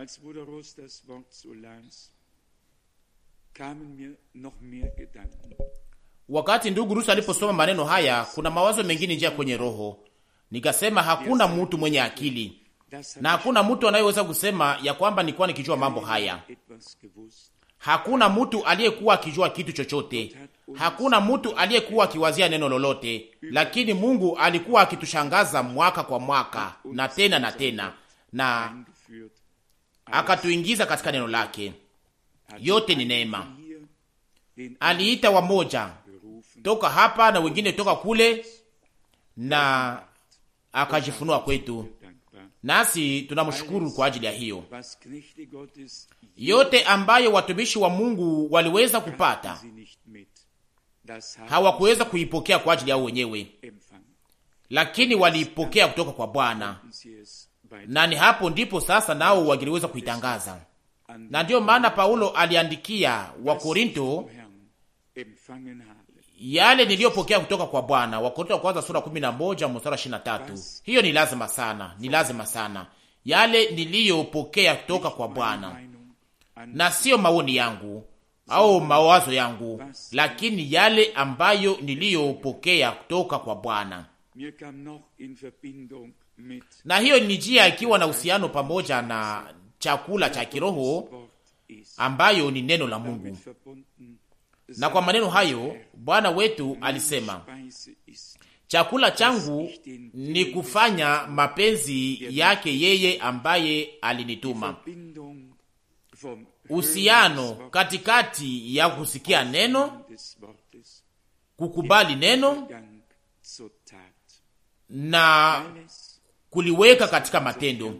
Als Bruder Russ das Wort so las, kamen mir noch mehr Gedanken. Wakati ndugu Rusi aliposoma maneno haya, kuna mawazo mengine njia kwenye roho. Nikasema hakuna mtu mwenye akili na hakuna mtu anayeweza kusema ya kwamba nilikuwa nikijua mambo haya. Hakuna mtu aliyekuwa akijua kitu chochote, hakuna mtu aliyekuwa akiwazia neno lolote, lakini Mungu alikuwa akitushangaza mwaka kwa mwaka na tena na tena, na akatuingiza katika neno lake. Yote ni neema. Aliita wamoja toka hapa na wengine toka kule, na akajifunua kwetu, nasi tunamshukuru kwa ajili ya hiyo yote ambayo watumishi wa Mungu waliweza kupata hawakuweza kuipokea kwa ajili yao wenyewe, lakini waliipokea kutoka kwa Bwana na ni hapo ndipo sasa nao wangeliweza kuitangaza. Na ndiyo maana Paulo aliandikia Wakorinto yale niliyopokea kutoka kwa Bwana, Wakorinto wa kwanza sura 11 mstari 23. Hiyo ni lazima sana, ni lazima sana, yale niliyopokea kutoka kwa Bwana na siyo maoni yangu au mawazo yangu, lakini yale ambayo niliyopokea kutoka kwa Bwana na hiyo ni njia ikiwa na uhusiano pamoja na chakula cha kiroho ambayo ni neno la Mungu. Na kwa maneno hayo Bwana wetu alisema, chakula changu ni kufanya mapenzi yake yeye ambaye alinituma. Uhusiano katikati ya kusikia neno, kukubali neno na kuliweka katika matendo.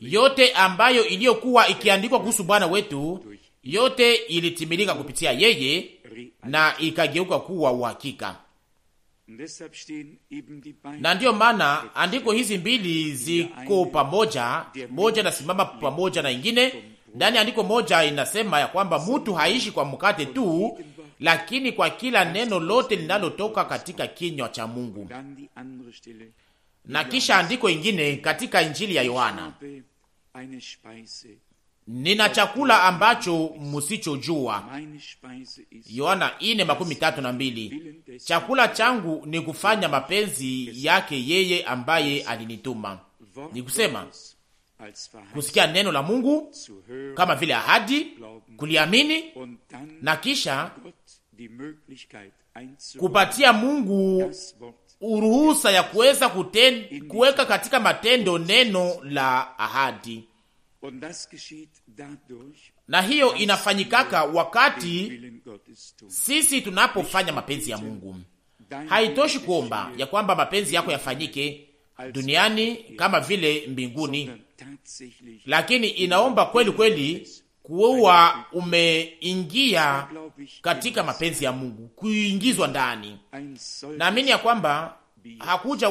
Yote ambayo iliyokuwa ikiandikwa kuhusu Bwana wetu, yote ilitimilika kupitia yeye na ikageuka kuwa uhakika. Na ndiyo maana andiko hizi mbili ziko pamoja, moja inasimama pamoja na ingine. Ndani ya andiko moja inasema ya kwamba mutu haishi kwa mkate tu, lakini kwa kila neno lote linalotoka katika kinywa cha Mungu na kisha andiko ingine katika Injili ya Yohana, nina chakula ambacho musichojua. Yohana ine makumi tatu na mbili. Chakula changu ni kufanya mapenzi yake yeye ambaye alinituma, ni kusema kusikia neno la Mungu kama vile ahadi, kuliamini na kisha kupatia Mungu uruhusa ya kuweza kuweka katika matendo neno la ahadi, na hiyo inafanyikaka wakati sisi tunapofanya mapenzi ya Mungu. Haitoshi kuomba ya kwamba mapenzi yako yafanyike duniani kama vile mbinguni, lakini inaomba kweli kweli kuwa umeingia katika mapenzi ya Mungu, kuingizwa ndani. Naamini ya kwamba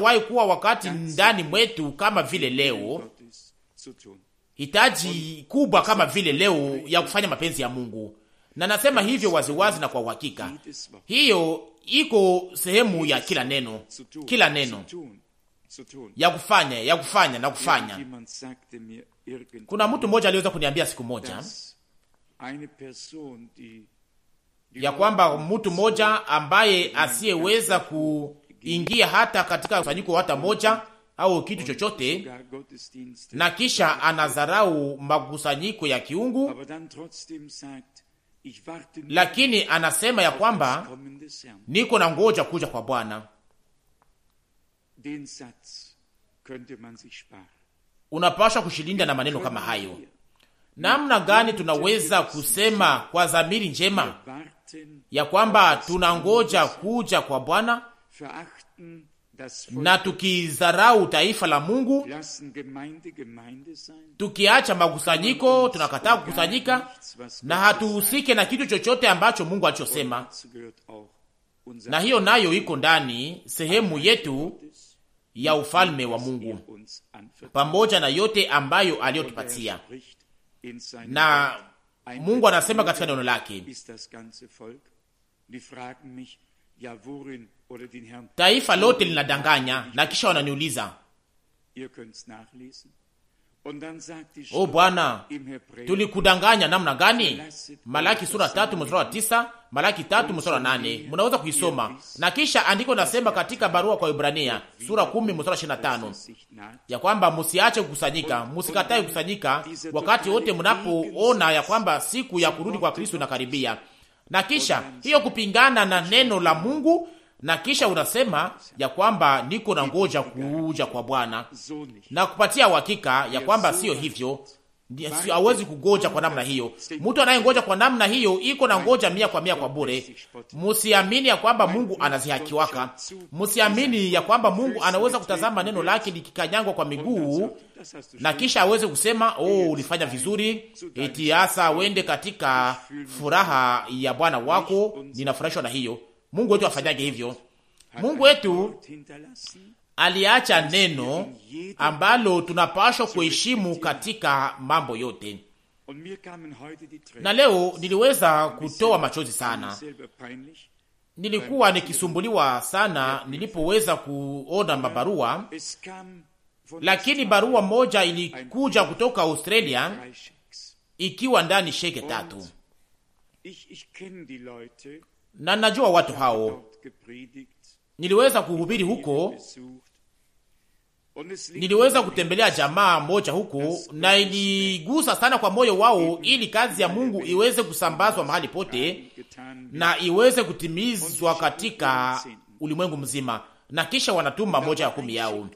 wahi kuwa wakati ndani mwetu kama vile leo, hitaji kubwa kama vile leo ya kufanya mapenzi ya Mungu, na nasema hivyo waziwazi wazi na kwa uhakika. Hiyo iko sehemu ya kila neno, kila neno ya kufanya ya kufanya na kufanya. Kuna mtu mmoja aliweza kuniambia siku moja ya kwamba mtu mmoja ambaye asiyeweza kuingia hata katika kusanyiko hata moja au kitu chochote, na kisha anadharau makusanyiko ya kiungu, lakini anasema ya kwamba niko na ngoja kuja kwa Bwana Unapaswa kushilinda na maneno kama hayo. Namna gani tunaweza kusema kwa dhamiri njema ya kwamba tunangoja kuja kwa Bwana na tukizarau taifa la Mungu, tukiacha makusanyiko, tunakataa kukusanyika na hatuhusike na kitu chochote ambacho Mungu alichosema, na hiyo nayo iko ndani sehemu yetu ya ufalme wa Mungu pamoja na yote ambayo aliyotupatia. Na Mungu anasema katika neno lake, taifa lote linadanganya, na kisha wananiuliza O Bwana, tulikudanganya namna gani? Malaki sura tatu mstari wa tisa, Malaki tatu mstari wa nane munaweza kuisoma. Na kisha andiko nasema katika barua kwa Ibrania sura kumi mstari wa ishirini na tano ya kwamba musiache kukusanyika, musikatae kukusanyika wakati wote mnapoona ya kwamba siku ya kurudi kwa Kristo inakaribia. Na kisha hiyo kupingana na neno la Mungu na kisha unasema ya kwamba niko na ngoja kuuja kwa Bwana na kupatia uhakika ya kwamba siyo hivyo, hawezi kugoja kwa namna hiyo. Mtu anayengoja kwa namna hiyo iko na ngoja mia kwa mia kwa bure. Musiamini ya kwamba Mungu anazihakiwaka, musiamini ya kwamba Mungu anaweza kutazama neno lake likikanyangwa kwa miguu na kisha aweze kusema oh, ulifanya vizuri, eti hasa wende katika furaha ya Bwana wako. Ninafurahishwa na hiyo Mungu wetu afanyaje hivyo? Mungu wetu aliacha neno ambalo tunapashwa kuheshimu katika mambo yote. Na leo niliweza kutoa machozi sana, nilikuwa nikisumbuliwa sana nilipoweza kuona mabarua, lakini barua moja ilikuja kutoka Australia ikiwa ndani sheke tatu na najua watu hao. Niliweza kuhubiri huko, niliweza kutembelea jamaa moja huko, na iligusa sana kwa moyo wao, ili kazi ya Mungu iweze kusambazwa mahali pote na iweze kutimizwa katika ulimwengu mzima, na kisha wanatuma moja ya kumi yao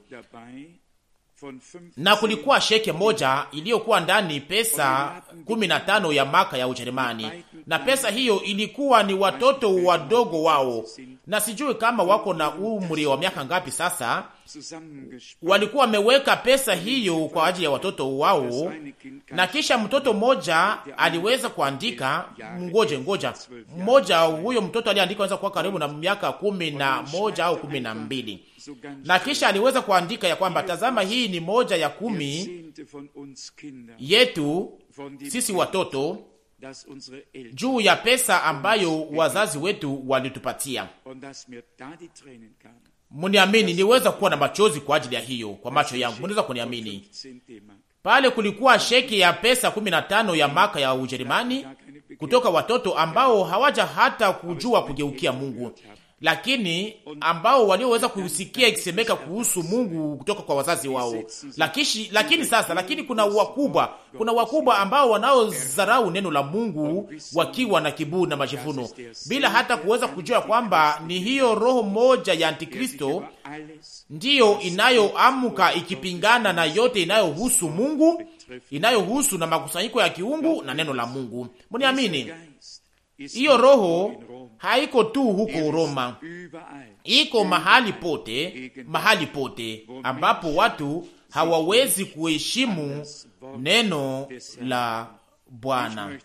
na kulikuwa sheke moja iliyokuwa ndani pesa 15 ya maka ya Ujerumani, na pesa hiyo ilikuwa ni watoto wadogo wao, na sijui kama wako na umri wa miaka ngapi sasa. Walikuwa wameweka pesa hiyo kwa ajili ya watoto wao, na kisha mtoto mmoja aliweza kuandika, ngoje ngoja, mmoja huyo mtoto aliandika, anaweza kuwa karibu na miaka kumi na moja au kumi na mbili na kisha aliweza kuandika ya kwamba tazama, hii ni moja ya kumi yetu sisi watoto juu ya pesa ambayo wazazi wetu walitupatia. Muniamini, niweza kuwa na machozi kwa ajili ya hiyo, kwa macho yangu, mnaweza kuniamini. Pale kulikuwa sheki ya pesa 15 ya maka ya Ujerumani kutoka watoto ambao hawaja hata kujua kugeukia Mungu, lakini ambao walioweza kusikia ikisemeka kuhusu Mungu kutoka kwa wazazi wao. Lakini, lakini sasa, lakini kuna wakubwa, kuna wakubwa ambao wanaozarau neno la Mungu wakiwa na kiburi na majivuno, bila hata kuweza kujua kwamba ni hiyo roho moja ya Antikristo ndiyo inayoamka ikipingana na yote inayohusu Mungu, inayohusu na makusanyiko ya kiungu na neno la Mungu. Mniamini. Hiyo roho haiko tu huko Roma, iko mahali pote, mahali pote ambapo watu hawawezi kuheshimu neno la Bwana.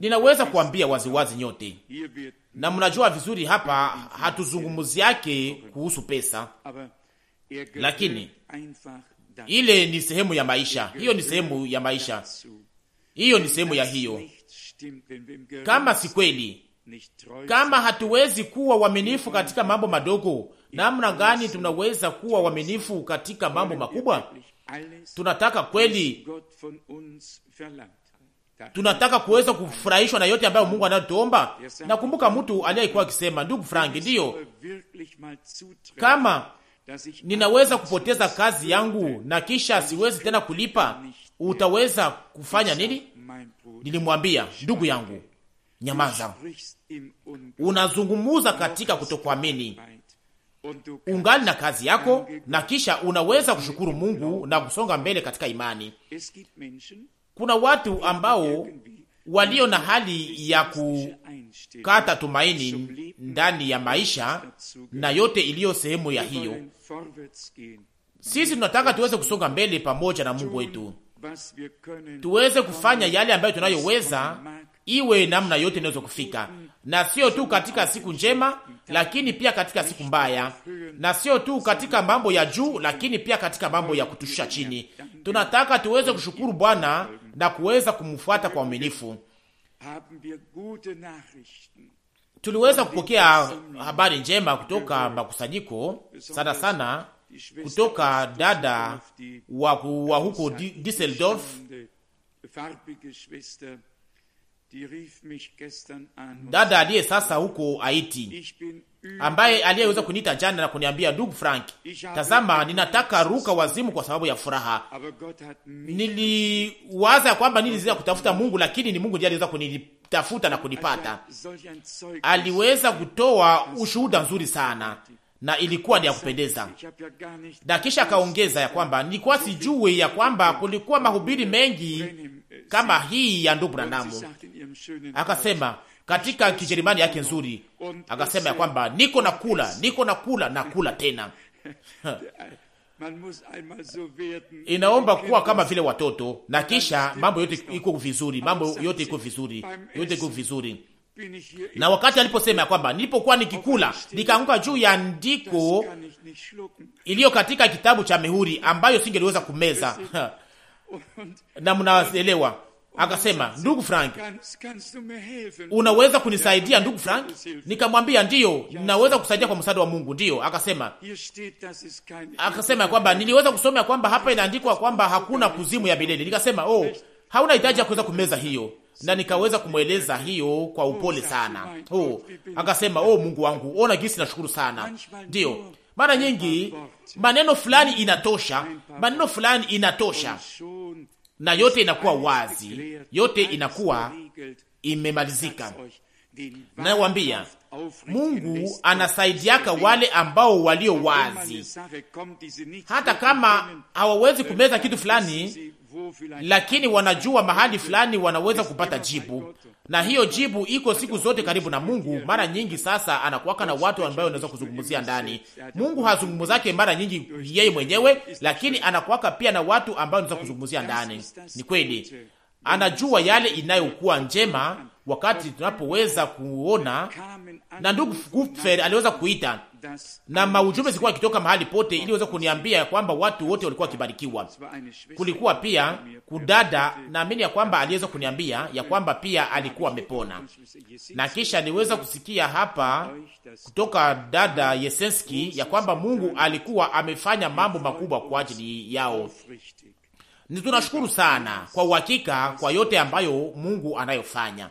Ninaweza kuambia waziwazi nyote, na mnajua vizuri hapa hatuzungumuzi yake kuhusu pesa, lakini ile ni sehemu ya maisha, hiyo ni sehemu ya maisha, hiyo ni sehemu ya hiyo kama si kweli, kama hatuwezi kuwa waminifu katika mambo madogo, namna gani tunaweza kuwa waminifu katika mambo makubwa? Tunataka kweli, tunataka kuweza kufurahishwa na yote ambayo Mungu anayotuomba. Nakumbuka mtu aliyekuwa akisema, ndugu frank ndiyo, kama ninaweza kupoteza kazi yangu na kisha siwezi tena kulipa, utaweza kufanya nini? nilimwambia ndugu yangu, nyamaza, unazungumuza katika kutokuamini, ungali na kazi yako, na kisha unaweza kushukuru Mungu na kusonga mbele katika imani. Kuna watu ambao walio na hali ya kukata tumaini ndani ya maisha na yote iliyo sehemu ya hiyo. Sisi tunataka tuweze kusonga mbele pamoja na Mungu wetu tuweze kufanya yale ambayo tunayoweza, iwe namna yote inaweza kufika, na sio tu katika siku njema, lakini pia katika siku mbaya, na sio tu katika mambo ya juu, lakini pia katika mambo ya kutushusha chini. Tunataka tuweze kushukuru Bwana na kuweza kumfuata kwa uaminifu. Tuliweza kupokea habari njema kutoka makusanyiko sana sana kutoka dada wa, wa huko Düsseldorf, dada aliye sasa huko Haiti, ambaye aliyeweza kuniita jana na kuniambia, ndugu Frank, tazama, ninataka ruka wazimu kwa sababu ya furaha. Niliwaza kwamba nilizia kutafuta Mungu, lakini ni Mungu ndiye aliweza kunitafuta na kunipata. Aliweza kutoa ushuhuda nzuri sana na ilikuwa ni ya kupendeza. Na kisha akaongeza ya kwamba nilikuwa sijui ya kwamba kulikuwa mahubiri mengi kama hii ya ndugu Branamu. Akasema katika kijerimani yake nzuri, akasema ya kwamba niko na kula, niko na kula na kula tena inaomba kuwa kama vile watoto, na kisha mambo yote iko vizuri, mambo yote iko vizuri, yote iko vizuri na wakati aliposema ya kwamba nilipokuwa nikikula nikaanguka juu ya ndiko iliyo katika kitabu cha mehuri ambayo singeliweza kumeza na mnaelewa. Akasema, ndugu Frank, unaweza kunisaidia ndugu Frank? Nikamwambia ndiyo, naweza kusaidia kwa msaada wa Mungu, ndiyo. Akasema, akasema ya kwamba niliweza kusoma ya kwamba hapa inaandikwa kwamba hakuna kuzimu ya milele. Nikasema, oh, hauna hitaji ya kuweza kumeza hiyo na nikaweza kumweleza hiyo kwa upole oh, sana. Oh, akasema oh, Mungu wangu, ona gisi, nashukuru sana. Ndio mara nyingi maneno fulani inatosha, maneno fulani inatosha, na yote inakuwa wazi, yote inakuwa imemalizika. Nawambia Mungu anasaidiaka wale ambao walio wazi, hata kama hawawezi kumeza kitu fulani lakini wanajua mahali fulani wanaweza kupata jibu, na hiyo jibu iko siku zote karibu na Mungu. Mara nyingi sasa anakuwaka na watu ambao wanaweza kuzungumzia ndani. Mungu hazungumuzake mara nyingi yeye mwenyewe, lakini anakuwaka pia na watu ambao wanaweza kuzungumzia ndani. Ni kweli, anajua yale inayokuwa njema wakati tunapoweza kuona. Na ndugu Kupfer aliweza kuita na maujumbe zilikuwa kitoka mahali pote, ili weze kuniambia ya kwamba watu wote walikuwa wakibarikiwa. Kulikuwa pia kudada, naamini ya kwamba aliweza kuniambia ya kwamba pia alikuwa amepona, na kisha niweza kusikia hapa kutoka dada Yesenski ya kwamba Mungu alikuwa amefanya mambo makubwa kwa ajili yao. Ni tunashukuru sana kwa uhakika kwa yote ambayo Mungu anayofanya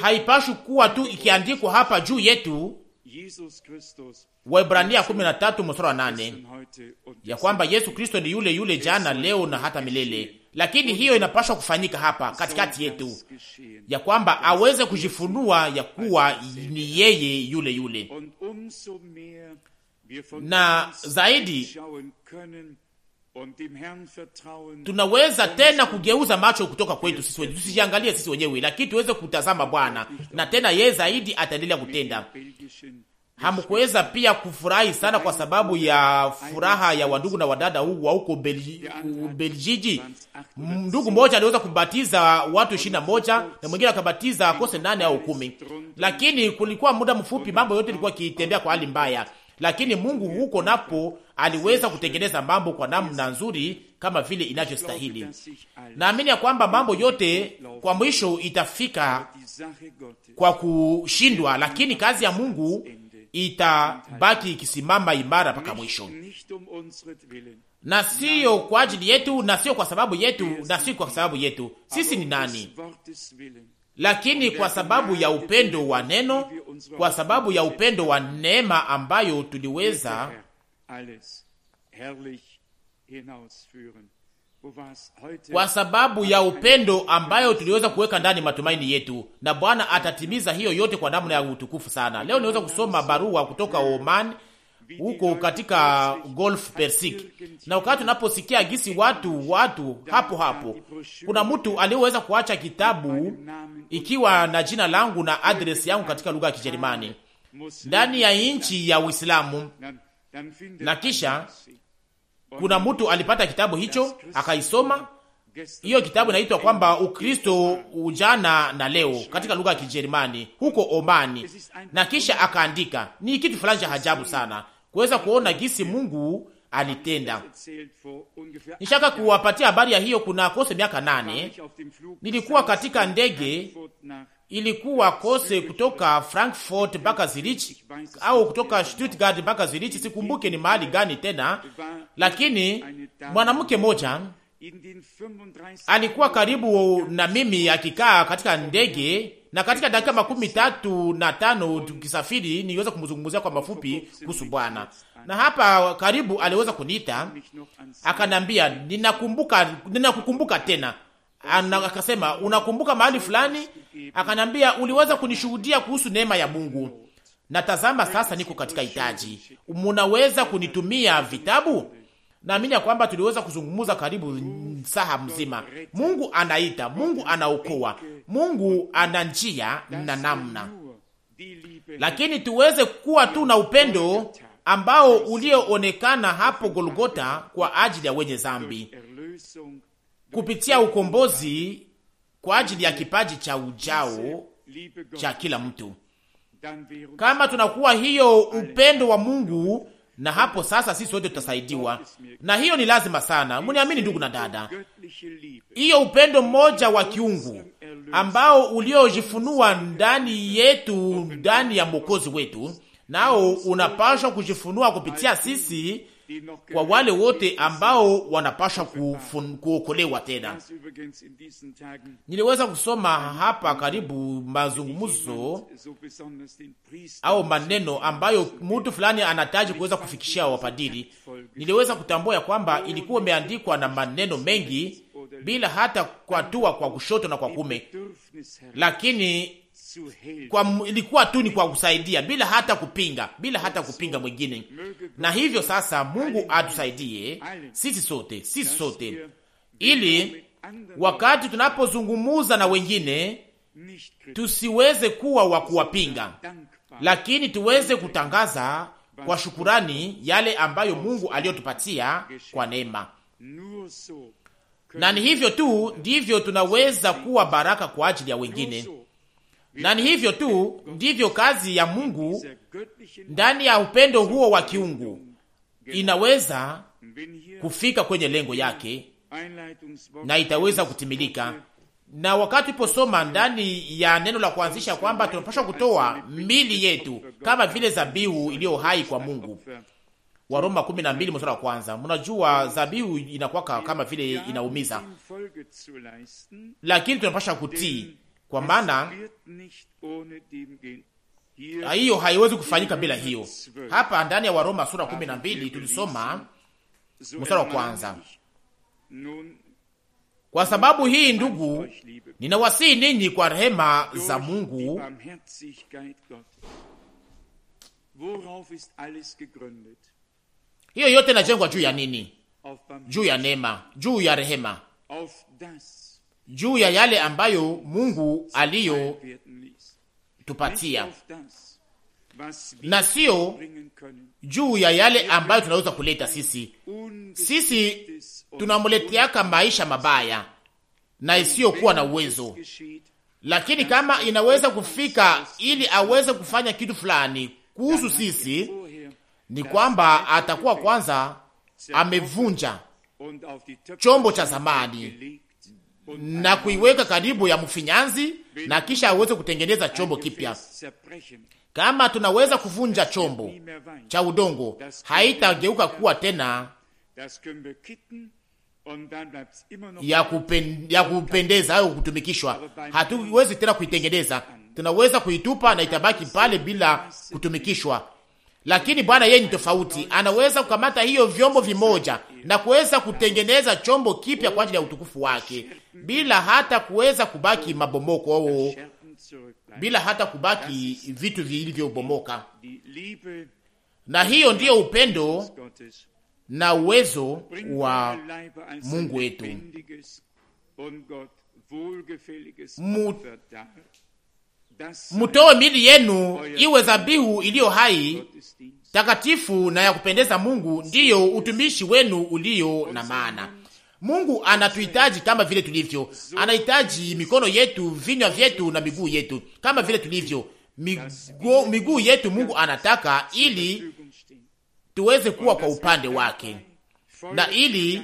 haipashwi kuwa tu ikiandikwa hapa juu yetu, Waebrania 13 mstari wa 8, ya kwamba Yesu Kristo ni yule yule jana leo na hata milele. Lakini hiyo inapashwa kufanyika hapa katikati yetu, ya kwamba aweze kujifunua ya kuwa ni yeye yule yule, na zaidi tunaweza tena kugeuza macho kutoka kwetu sisi wenyewe, tusijiangalie sisi wenyewe, lakini tuweze kutazama Bwana, na tena yeye zaidi ataendelea kutenda. Hamkuweza pia kufurahi sana kwa sababu ya furaha ya wandugu na wadada wa huko Belgiji. Ndugu mmoja aliweza kubatiza watu ishirini na moja na mwingine akabatiza kose nane au kumi, lakini kulikuwa muda mfupi, mambo yote ilikuwa ikitembea kwa hali mbaya, lakini Mungu huko napo aliweza kutengeneza mambo kwa namna nzuri kama vile inavyostahili. Naamini ya kwamba mambo yote kwa mwisho itafika kwa kushindwa, lakini kazi ya Mungu itabaki ikisimama imara mpaka mwisho, um na siyo kwa ajili yetu, na sio kwa sababu yetu, na sio kwa sababu yetu. Sisi ni um nani? Lakini kwa sababu ya upendo wa neno, kwa sababu ya upendo wa neema ambayo tuliweza kwa sababu ya upendo ambayo tuliweza kuweka ndani matumaini yetu, na Bwana atatimiza hiyo yote kwa namna ya utukufu sana. Leo niweza kusoma barua kutoka Oman huko katika Golf Persik, na wakati unaposikia gisi watu watu hapo hapo, kuna mtu aliyeweza kuacha kitabu ikiwa na jina langu na adresi yangu katika lugha ya Kijerumani ndani ya nchi ya Uislamu na kisha kuna mtu alipata kitabu hicho akaisoma. Hiyo kitabu inaitwa kwamba Ukristo ujana na leo, katika lugha ya Kijerumani huko Omani, na kisha akaandika. Ni kitu fulani cha ajabu sana kuweza kuona gisi Mungu alitenda. Nishaka kuwapatia habari ya hiyo kuna kose miaka nane. Nilikuwa katika ndege ilikuwa kose kutoka Frankfurt mpaka Zurich au kutoka Stuttgart mpaka Zurich, sikumbuke ni mahali gani tena, lakini mwanamke moja alikuwa karibu na mimi akikaa katika ndege, na katika dakika makumi tatu na tano tukisafiri, niweza kumzungumzia kwa mafupi kuhusu Bwana, na hapa karibu aliweza kuniita akanambia, ninakumbuka, ninakukumbuka tena akasema unakumbuka mahali fulani? Akaniambia uliweza kunishuhudia kuhusu neema ya Mungu, na tazama sasa niko katika hitaji, munaweza kunitumia vitabu? Naamini ya kwamba tuliweza kuzungumza karibu saha mzima. Mungu anaita, Mungu anaokoa, Mungu ana njia na namna, lakini tuweze kuwa tu na upendo ambao ulioonekana hapo Golgota kwa ajili ya wenye zambi kupitia ukombozi kwa ajili ya kipaji cha ujao cha kila mtu. Kama tunakuwa hiyo upendo wa Mungu, na hapo sasa sisi wote tutasaidiwa, na hiyo ni lazima sana. Mniamini ndugu na dada, hiyo upendo mmoja wa kiungu ambao uliojifunua ndani yetu, ndani ya mwokozi wetu, nao unapaswa kujifunua kupitia sisi kwa wale wote ambao wanapashwa kuokolewa tena. Niliweza kusoma hapa karibu mazungumzo au maneno ambayo mtu fulani anataji kuweza kufikishia wapadiri. Niliweza kutambua ya kwamba ilikuwa imeandikwa na maneno mengi bila hata kwatua kwa kushoto na kwa kume, lakini kwa, ilikuwa tu ni kwa kusaidia bila hata kupinga, bila hata kupinga mwingine. Na hivyo sasa, Mungu atusaidie sisi sote, sisi sote, ili wakati tunapozungumuza na wengine tusiweze kuwa wa kuwapinga, lakini tuweze kutangaza kwa shukurani yale ambayo Mungu aliyotupatia kwa neema. Na ni hivyo tu ndivyo tunaweza kuwa baraka kwa ajili ya wengine na ni hivyo tu ndivyo kazi ya Mungu ndani ya upendo huo wa kiungu inaweza kufika kwenye lengo yake na itaweza kutimilika. Na wakati uliposoma ndani ya neno la kuanzisha kwamba tunapaswa kutoa mili yetu kama vile zabihu iliyo hai kwa Mungu, Waroma 12 mstari wa kwanza. Mnajua zabihu inakuwa kama vile inaumiza, lakini tunapaswa kutii kwa maana hiyo haiwezi kufanyika bila hiyo. Hapa ndani ya Waroma sura kumi na mbili tulisoma mstari wa kwanza kwa sababu hii ndugu, ninawasihi ninyi kwa rehema za Mungu hiyo yote inajengwa juu ya nini? Juu ya neema, juu ya rehema, juu ya yale ambayo Mungu aliyo tupatia na sio juu ya yale ambayo tunaweza kuleta sisi. Sisi tunamuletiaka maisha mabaya na isiyokuwa na uwezo, lakini kama inaweza kufika ili aweze kufanya kitu fulani kuhusu sisi, ni kwamba atakuwa kwanza amevunja chombo cha zamani na kuiweka karibu ya mfinyanzi na kisha aweze kutengeneza chombo kipya. Kama tunaweza kuvunja chombo cha udongo, haitageuka kuwa tena ya, kupen, ya kupendeza au kutumikishwa. Hatuwezi tena kuitengeneza, tunaweza kuitupa na itabaki pale bila kutumikishwa lakini Bwana yeye ni tofauti, anaweza kukamata hiyo vyombo vimoja na kuweza kutengeneza chombo kipya kwa ajili ya utukufu wake bila hata kuweza kubaki mabomoko au oh, oh, oh. bila hata kubaki vitu vilivyobomoka. Na hiyo ndiyo upendo na uwezo wa Mungu wetu mutoe mili yenu iwe dhabihu iliyo hai takatifu na ya kupendeza Mungu, ndiyo utumishi wenu ulio na maana. Mungu anatuhitaji kama vile tulivyo, anahitaji mikono yetu, vinywa vyetu na miguu yetu kama vile tulivyo. Miguu, miguu yetu Mungu anataka ili tuweze kuwa kwa upande wake na ili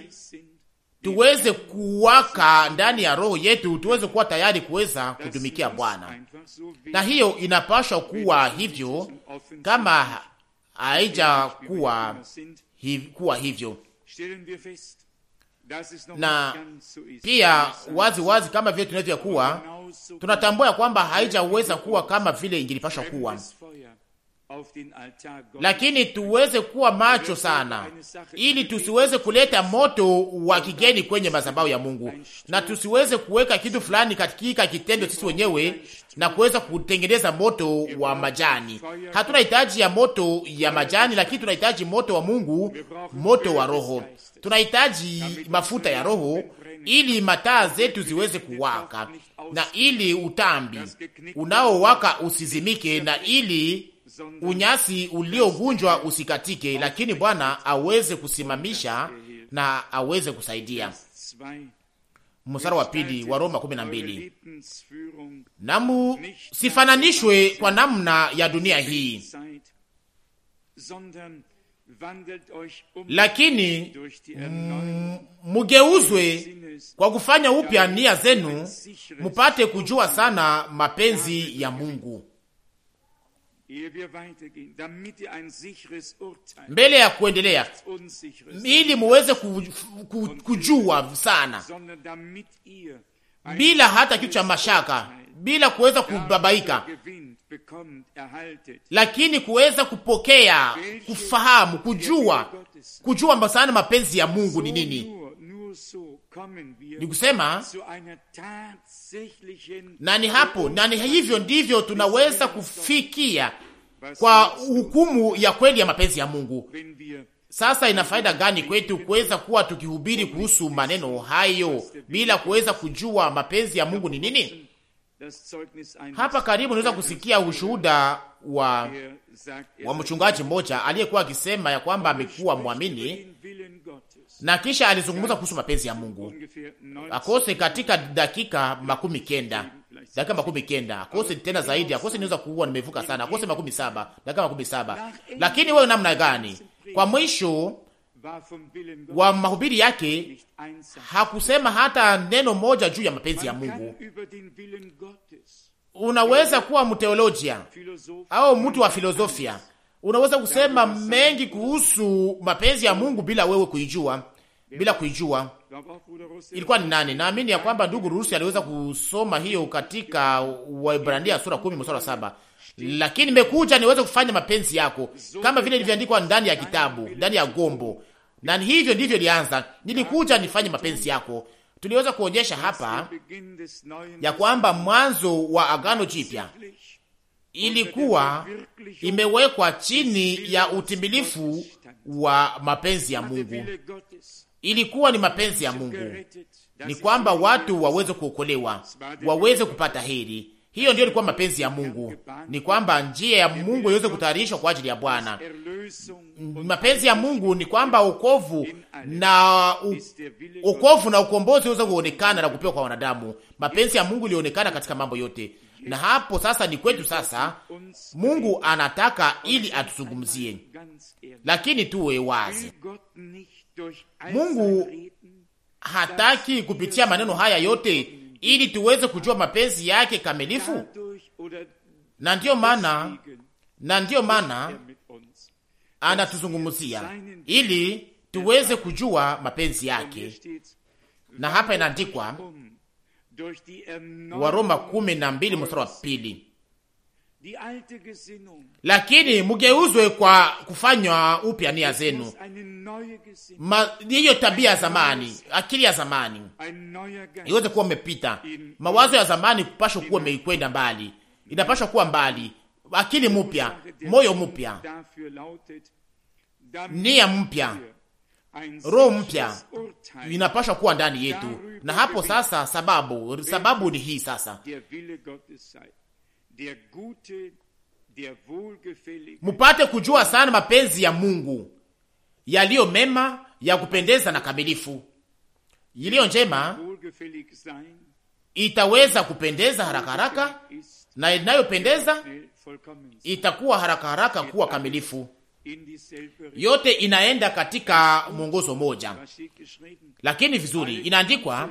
tuweze kuwaka ndani ya roho yetu, tuweze kuwa tayari kuweza kutumikia Bwana. Na hiyo inapashwa kuwa hivyo, kama haija kuwa hivyo na pia wazi wazi, kama vile tunavyokuwa tunatambua ya kwamba haijaweza kuwa kama vile ingilipashwa kuwa, lakini tuweze kuwa macho sana, ili tusiweze kuleta moto wa kigeni kwenye madhabahu ya Mungu, na tusiweze kuweka kitu fulani katika kitendo sisi wenyewe na kuweza kutengeneza moto wa majani. Hatuna hitaji ya moto ya majani, lakini tunahitaji moto wa Mungu, moto wa Roho. Tunahitaji mafuta ya Roho ili mataa zetu ziweze kuwaka na ili utambi unaowaka usizimike na ili unyasi uliovunjwa usikatike, lakini Bwana aweze kusimamisha na aweze kusaidia. Msara wa pili wa Roma 12. Namu sifananishwe kwa namna ya dunia hii, lakini mm, mugeuzwe kwa kufanya upya nia zenu, mupate kujua sana mapenzi ya Mungu mbele ya kuendelea, ili muweze ku, ku, kujua sana, bila hata kitu cha mashaka, bila kuweza kubabaika, lakini kuweza kupokea, kufahamu, kujua, kujua sana mapenzi ya Mungu ni nini ni kusema nani hapo nani, hivyo ndivyo tunaweza kufikia kwa hukumu ya kweli ya mapenzi ya Mungu. Sasa ina faida gani kwetu kuweza kuwa tukihubiri kuhusu maneno hayo bila kuweza kujua mapenzi ya Mungu ni nini? Hapa karibu naweza kusikia ushuhuda wa, er er wa mchungaji mmoja aliyekuwa akisema ya kwamba amekuwa mwamini na kisha alizungumza kuhusu mapenzi ya Mungu akose katika dakika makumi kenda dakika makumi kenda akose tena zaidi akose, niweza kuua, nimevuka sana, akose makumi saba dakika makumi saba Lakini wewe namna gani? Kwa mwisho wa mahubiri yake hakusema hata neno moja juu ya mapenzi ya Mungu. Unaweza kuwa mteolojia au mtu wa filosofia, unaweza kusema mengi kuhusu mapenzi ya Mungu bila wewe kuijua bila kuijua ilikuwa ni nani. Naamini ya kwamba ndugu Rusi aliweza kusoma hiyo katika Waibrania sura kumi mstari wa saba lakini nimekuja niweze kufanya mapenzi yako kama vile ilivyoandikwa ndani ya kitabu, ndani ya gombo. Na hivyo ndivyo ilianza, nilikuja nifanye mapenzi yako. Tuliweza kuonyesha hapa ya kwamba mwanzo wa agano jipya ilikuwa imewekwa chini ya utimilifu wa mapenzi ya Mungu ilikuwa ni mapenzi ya Mungu, ni kwamba watu waweze kuokolewa, waweze kupata heri. Hiyo ndiyo ilikuwa mapenzi ya Mungu, ni kwamba njia ya Mungu iweze kutayarishwa kwa ajili ya Bwana. Mapenzi ya Mungu ni kwamba ukovu na wokovu na ukombozi uweze kuonekana na kupewa kwa wanadamu. Mapenzi ya Mungu ilionekana katika mambo yote, na hapo sasa ni kwetu sasa. Mungu anataka ili atuzungumzie, lakini tuwe wazi Mungu hataki kupitia maneno haya yote ili tuweze kujua mapenzi yake kamilifu, na ndiyo maana na ndiyo maana anatuzungumzia ili tuweze kujua mapenzi yake, na hapa inaandikwa Waroma kumi na mbili mstari wa pili lakini mugeuzwe kwa kufanywa upya nia zenu, hiyo tabia ya zamani, akili ya zamani iweze kuwa umepita, mawazo ya zamani kupashwa kuwa meikwenda mbali, inapashwa kuwa mbali, akili mupya, moyo mupya, nia mpya, roho mpya inapashwa kuwa ndani yetu. Na hapo sasa, sababu sababu ni hii sasa mupate kujua sana mapenzi ya Mungu yaliyo mema ya kupendeza na kamilifu. Iliyo njema itaweza kupendeza haraka haraka, na inayopendeza itakuwa haraka haraka kuwa kamilifu. Yote inaenda katika mwongozo moja, lakini vizuri inaandikwa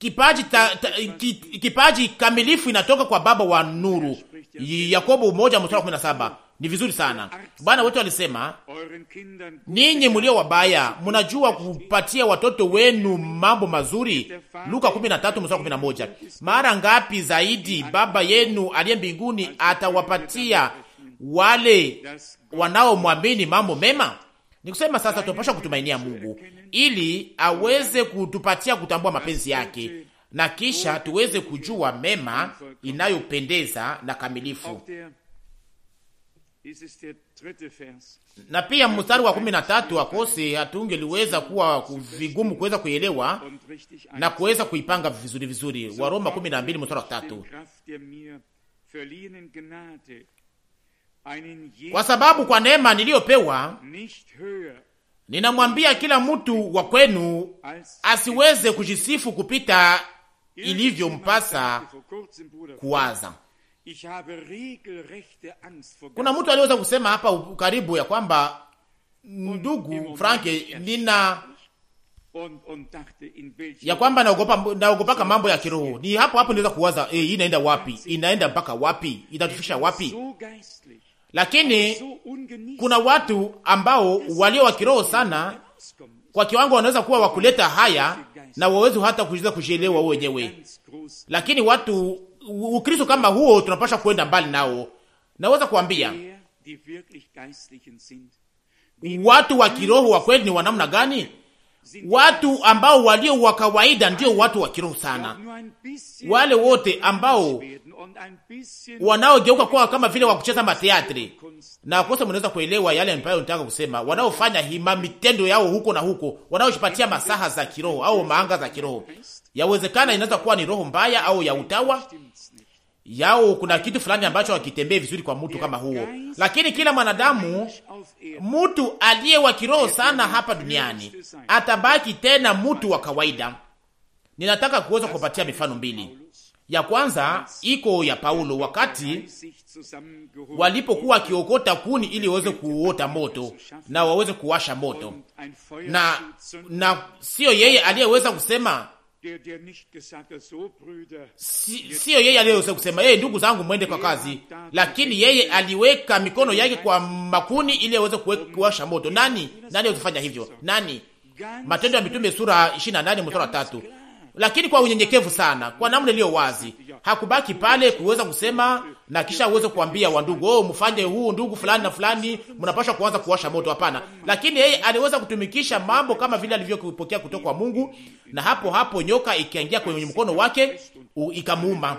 Kipaji, ta, ta, ki, kipaji kamilifu inatoka kwa Baba wa nuru. Yakobo moja mstari kumi na saba. Ni vizuri sana. Bwana wetu alisema, ninyi mlio wabaya mnajua kupatia watoto wenu mambo mazuri. Luka 1311 Mara ngapi zaidi baba yenu aliye mbinguni atawapatia wale wanaomwamini mambo mema? Ni kusema sasa tunapaswa kutumainia Mungu ili aweze kutupatia kutambua mapenzi yake na kisha tuweze kujua mema inayopendeza na kamilifu. Na pia mstari wa kumi na tatu akose liweza kuwa vigumu kuweza kuelewa na kuweza kuipanga vizuri vizuri. Waroma kumi na mbili mstari wa tatu kwa sababu kwa neema niliyopewa ninamwambia kila mtu wa kwenu asiweze kujisifu kupita ilivyompasa kuwaza. Kuna mtu aliweza kusema hapa karibu ya kwamba ndugu Franke, nina ya kwamba naogopa naogopaka mambo ya kiroho. Ni hapo hapo niweza kuwaza, hii, eh, hii inaenda wapi? Inaenda mpaka wapi? Itatufisha wapi? lakini kuna watu ambao walio wa kiroho sana kwa kiwango wanaweza kuwa wakuleta haya na wawezi hata kuweza kujielewa wao wenyewe, lakini watu Ukristo kama huo tunapasha kuenda mbali nao. Naweza kuambia watu wa kiroho wa kweli ni wanamna gani? Watu ambao walio wa kawaida ndio watu wa kiroho sana. Wale wote ambao wanaogeuka kuwa kama vile wa kucheza mateatri, na kosa, mnaweza kuelewa yale ambayo nataka kusema. Wanaofanya hima mitendo yao huko na huko, wanaojipatia masaha za kiroho au maanga za kiroho, yawezekana inaweza kuwa ni roho mbaya au ya utawa yao kuna kitu fulani ambacho hakitembei vizuri kwa mtu kama huo, lakini kila mwanadamu, mtu aliye wa kiroho sana hapa duniani atabaki tena mtu wa kawaida. Ninataka kuweza kupatia mifano mbili. Ya kwanza iko ya Paulo wakati walipokuwa wakiokota kuni ili waweze kuota moto na waweze kuwasha moto, na na siyo yeye aliyeweza kusema Si, siyo yeye aliyeweza kusema yeye, ndugu zangu, mwende kwa kazi, lakini yeye aliweka mikono yake kwa makuni ili aweze kuwasha moto. Nani nani aweza hivyo? Nani? Matendo ya Mitume sura 28 mstari wa 3 lakini kwa unyenyekevu sana, kwa namna iliyo wazi. Hakubaki pale kuweza kusema na kisha uweze kuambia wandugu, oh, mfanye huu ndugu fulani na fulani, mnapaswa kuanza kuwasha moto. Hapana, lakini yeye aliweza kutumikisha mambo kama vile alivyopokea kutoka kwa Mungu, na hapo hapo nyoka ikaingia kwenye mkono wake ikamuuma,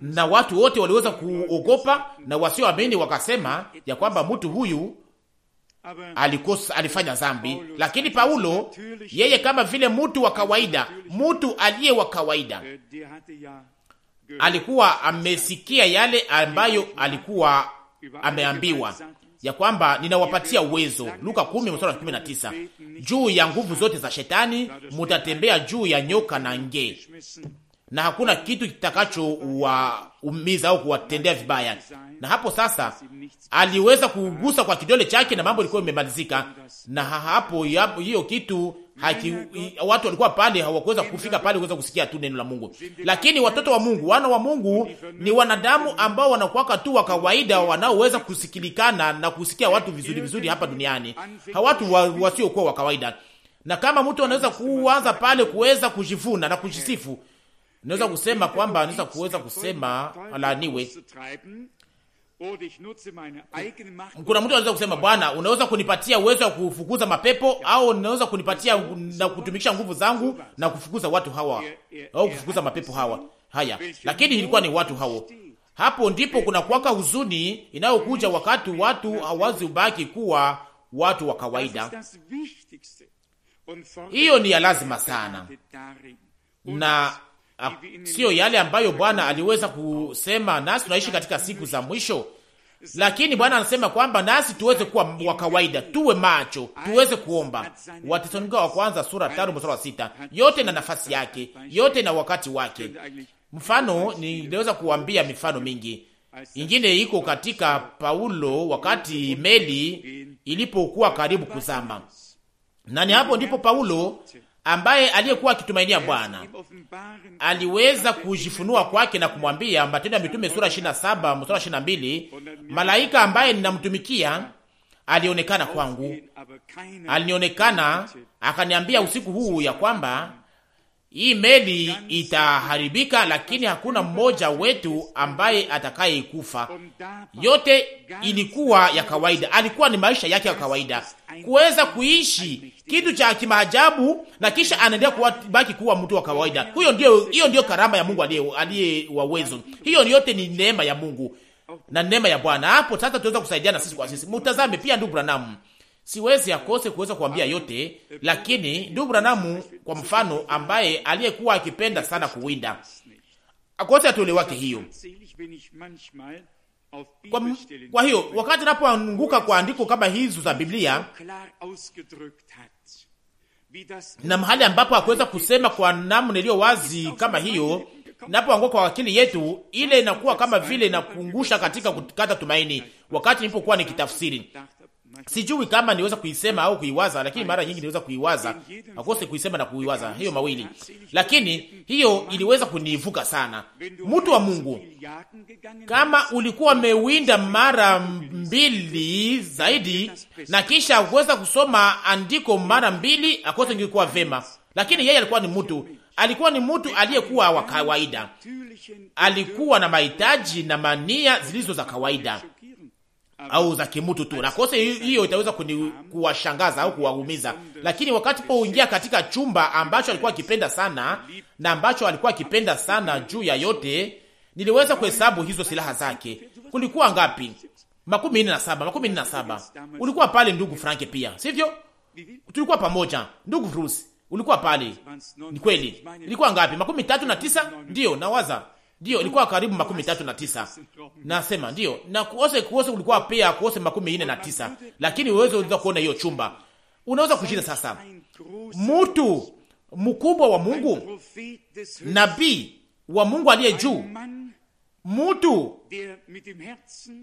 na watu wote waliweza kuogopa, na wasioamini wakasema ya kwamba mtu huyu alikosa, alifanya zambi. Lakini Paulo yeye kama vile mutu wa kawaida, mutu aliye wa kawaida alikuwa amesikia yale ambayo alikuwa ameambiwa ya kwamba ninawapatia uwezo, Luka 10:19, juu ya nguvu zote za Shetani, mutatembea juu ya nyoka na nge, na hakuna kitu kitakachouumiza au kuwatendea vibaya na hapo sasa aliweza kugusa kwa kidole chake na mambo ilikuwa imemalizika. Na hapo hiyo kitu haki, watu walikuwa pale hawakuweza kufika pale kuweza kusikia tu neno la Mungu, lakini watoto wa Mungu, wana wa Mungu ni wanadamu ambao wanakuwaka tu wa kawaida, wanaoweza kusikilikana na kusikia watu vizuri vizuri hapa duniani, hawatu wasiokuwa wa kawaida. Na kama mtu anaweza kuanza pale kuweza kujivuna na kujisifu, naweza kusema kwamba anaweza kuweza kusema alaaniwe kuna mtu anaweza kusema Bwana, unaweza kunipatia uwezo wa kufukuza mapepo au unaweza kunipatia na kutumikisha nguvu zangu na kufukuza watu hawa au kufukuza mapepo hawa haya, lakini ilikuwa ni watu hao. Hapo ndipo kuna kwaka huzuni inayokuja wakati watu hawazi ubaki kuwa watu wa kawaida. Hiyo ni ya lazima sana na Ah, siyo yale ambayo Bwana aliweza kusema nasi tunaishi katika siku za mwisho, lakini Bwana anasema kwamba nasi tuweze kuwa wa kawaida, tuwe macho, tuweze kuomba. Watesalonika wa kwanza sura tano mstari wa sita. Yote na nafasi yake, yote na wakati wake. Mfano niliweza kuambia mifano mingi ingine iko katika Paulo wakati meli ilipokuwa karibu kuzama, na ni hapo ndipo Paulo ambaye aliyekuwa akitumainia Bwana aliweza kujifunua kwake na kumwambia, Matendo ya Mitume sura 27 mstari 22, malaika ambaye ninamtumikia alionekana kwangu, alionekana akaniambia usiku huu ya kwamba hii meli itaharibika, lakini hakuna mmoja wetu ambaye atakayekufa. Yote ilikuwa ya kawaida, alikuwa ni maisha yake ya kawaida, kuweza kuishi kitu cha kimaajabu, na kisha anaendelea kubaki kuwa mtu wa kawaida. Huyo ndio, hiyo ndio karama ya Mungu aliye aliye wa uwezo. Hiyo yote ni neema ya Mungu na neema ya Bwana. Hapo sasa tunaweza kusaidiana sisi kwa sisi. Mtazame pia ndugu Branham siwezi akose kuweza kuambia yote, lakini ndugu Branamu kwa mfano, ambaye aliyekuwa akipenda sana kuwinda akose atole wake hiyo. Kwa, kwa hiyo wakati napoanguka kwa andiko kama hizo za Biblia na mahali ambapo hakuweza kusema kwa namna iliyo wazi kama hiyo, napoanguka kwa akili yetu ile inakuwa kama vile inapungusha katika kukata tumaini. Wakati nilipokuwa nikitafsiri Sijui kama niweza kuisema au kuiwaza, lakini mara nyingi niweza kuiwaza, akose kuisema na kuiwaza hiyo mawili, lakini hiyo iliweza kunivuka sana. Mtu wa Mungu, kama ulikuwa umewinda mara mbili zaidi na kisha uweza kusoma andiko mara mbili, akose ingekuwa vema, lakini yeye alikuwa ni mtu alikuwa ni mtu aliyekuwa wa kawaida, alikuwa na mahitaji na mania zilizo za kawaida au za kimutu tu, na kose hiyo itaweza kuwashangaza au kuwaumiza. Lakini wakati poingia katika chumba ambacho alikuwa akipenda sana na ambacho alikuwa akipenda sana juu ya yote, niliweza kuhesabu hizo silaha zake. Kulikuwa ngapi? Makumi nne na saba, makumi nne na saba. Ulikuwa pale ndugu Franke pia, sivyo? Tulikuwa pamoja ndugu Bruce, ulikuwa pale, ni kweli. Ilikuwa ngapi? Makumi tatu na tisa, ndiyo nawaza ndio, ilikuwa karibu makumi tatu na tisa. Nasema ndio. Na kuose kuose ulikuwa pia kuose makumi ine na tisa. Lakini uwezo unaweza kuona hiyo chumba. Unaweza kushinda sasa. Mtu mkubwa wa Mungu, nabii wa Mungu aliye juu, mtu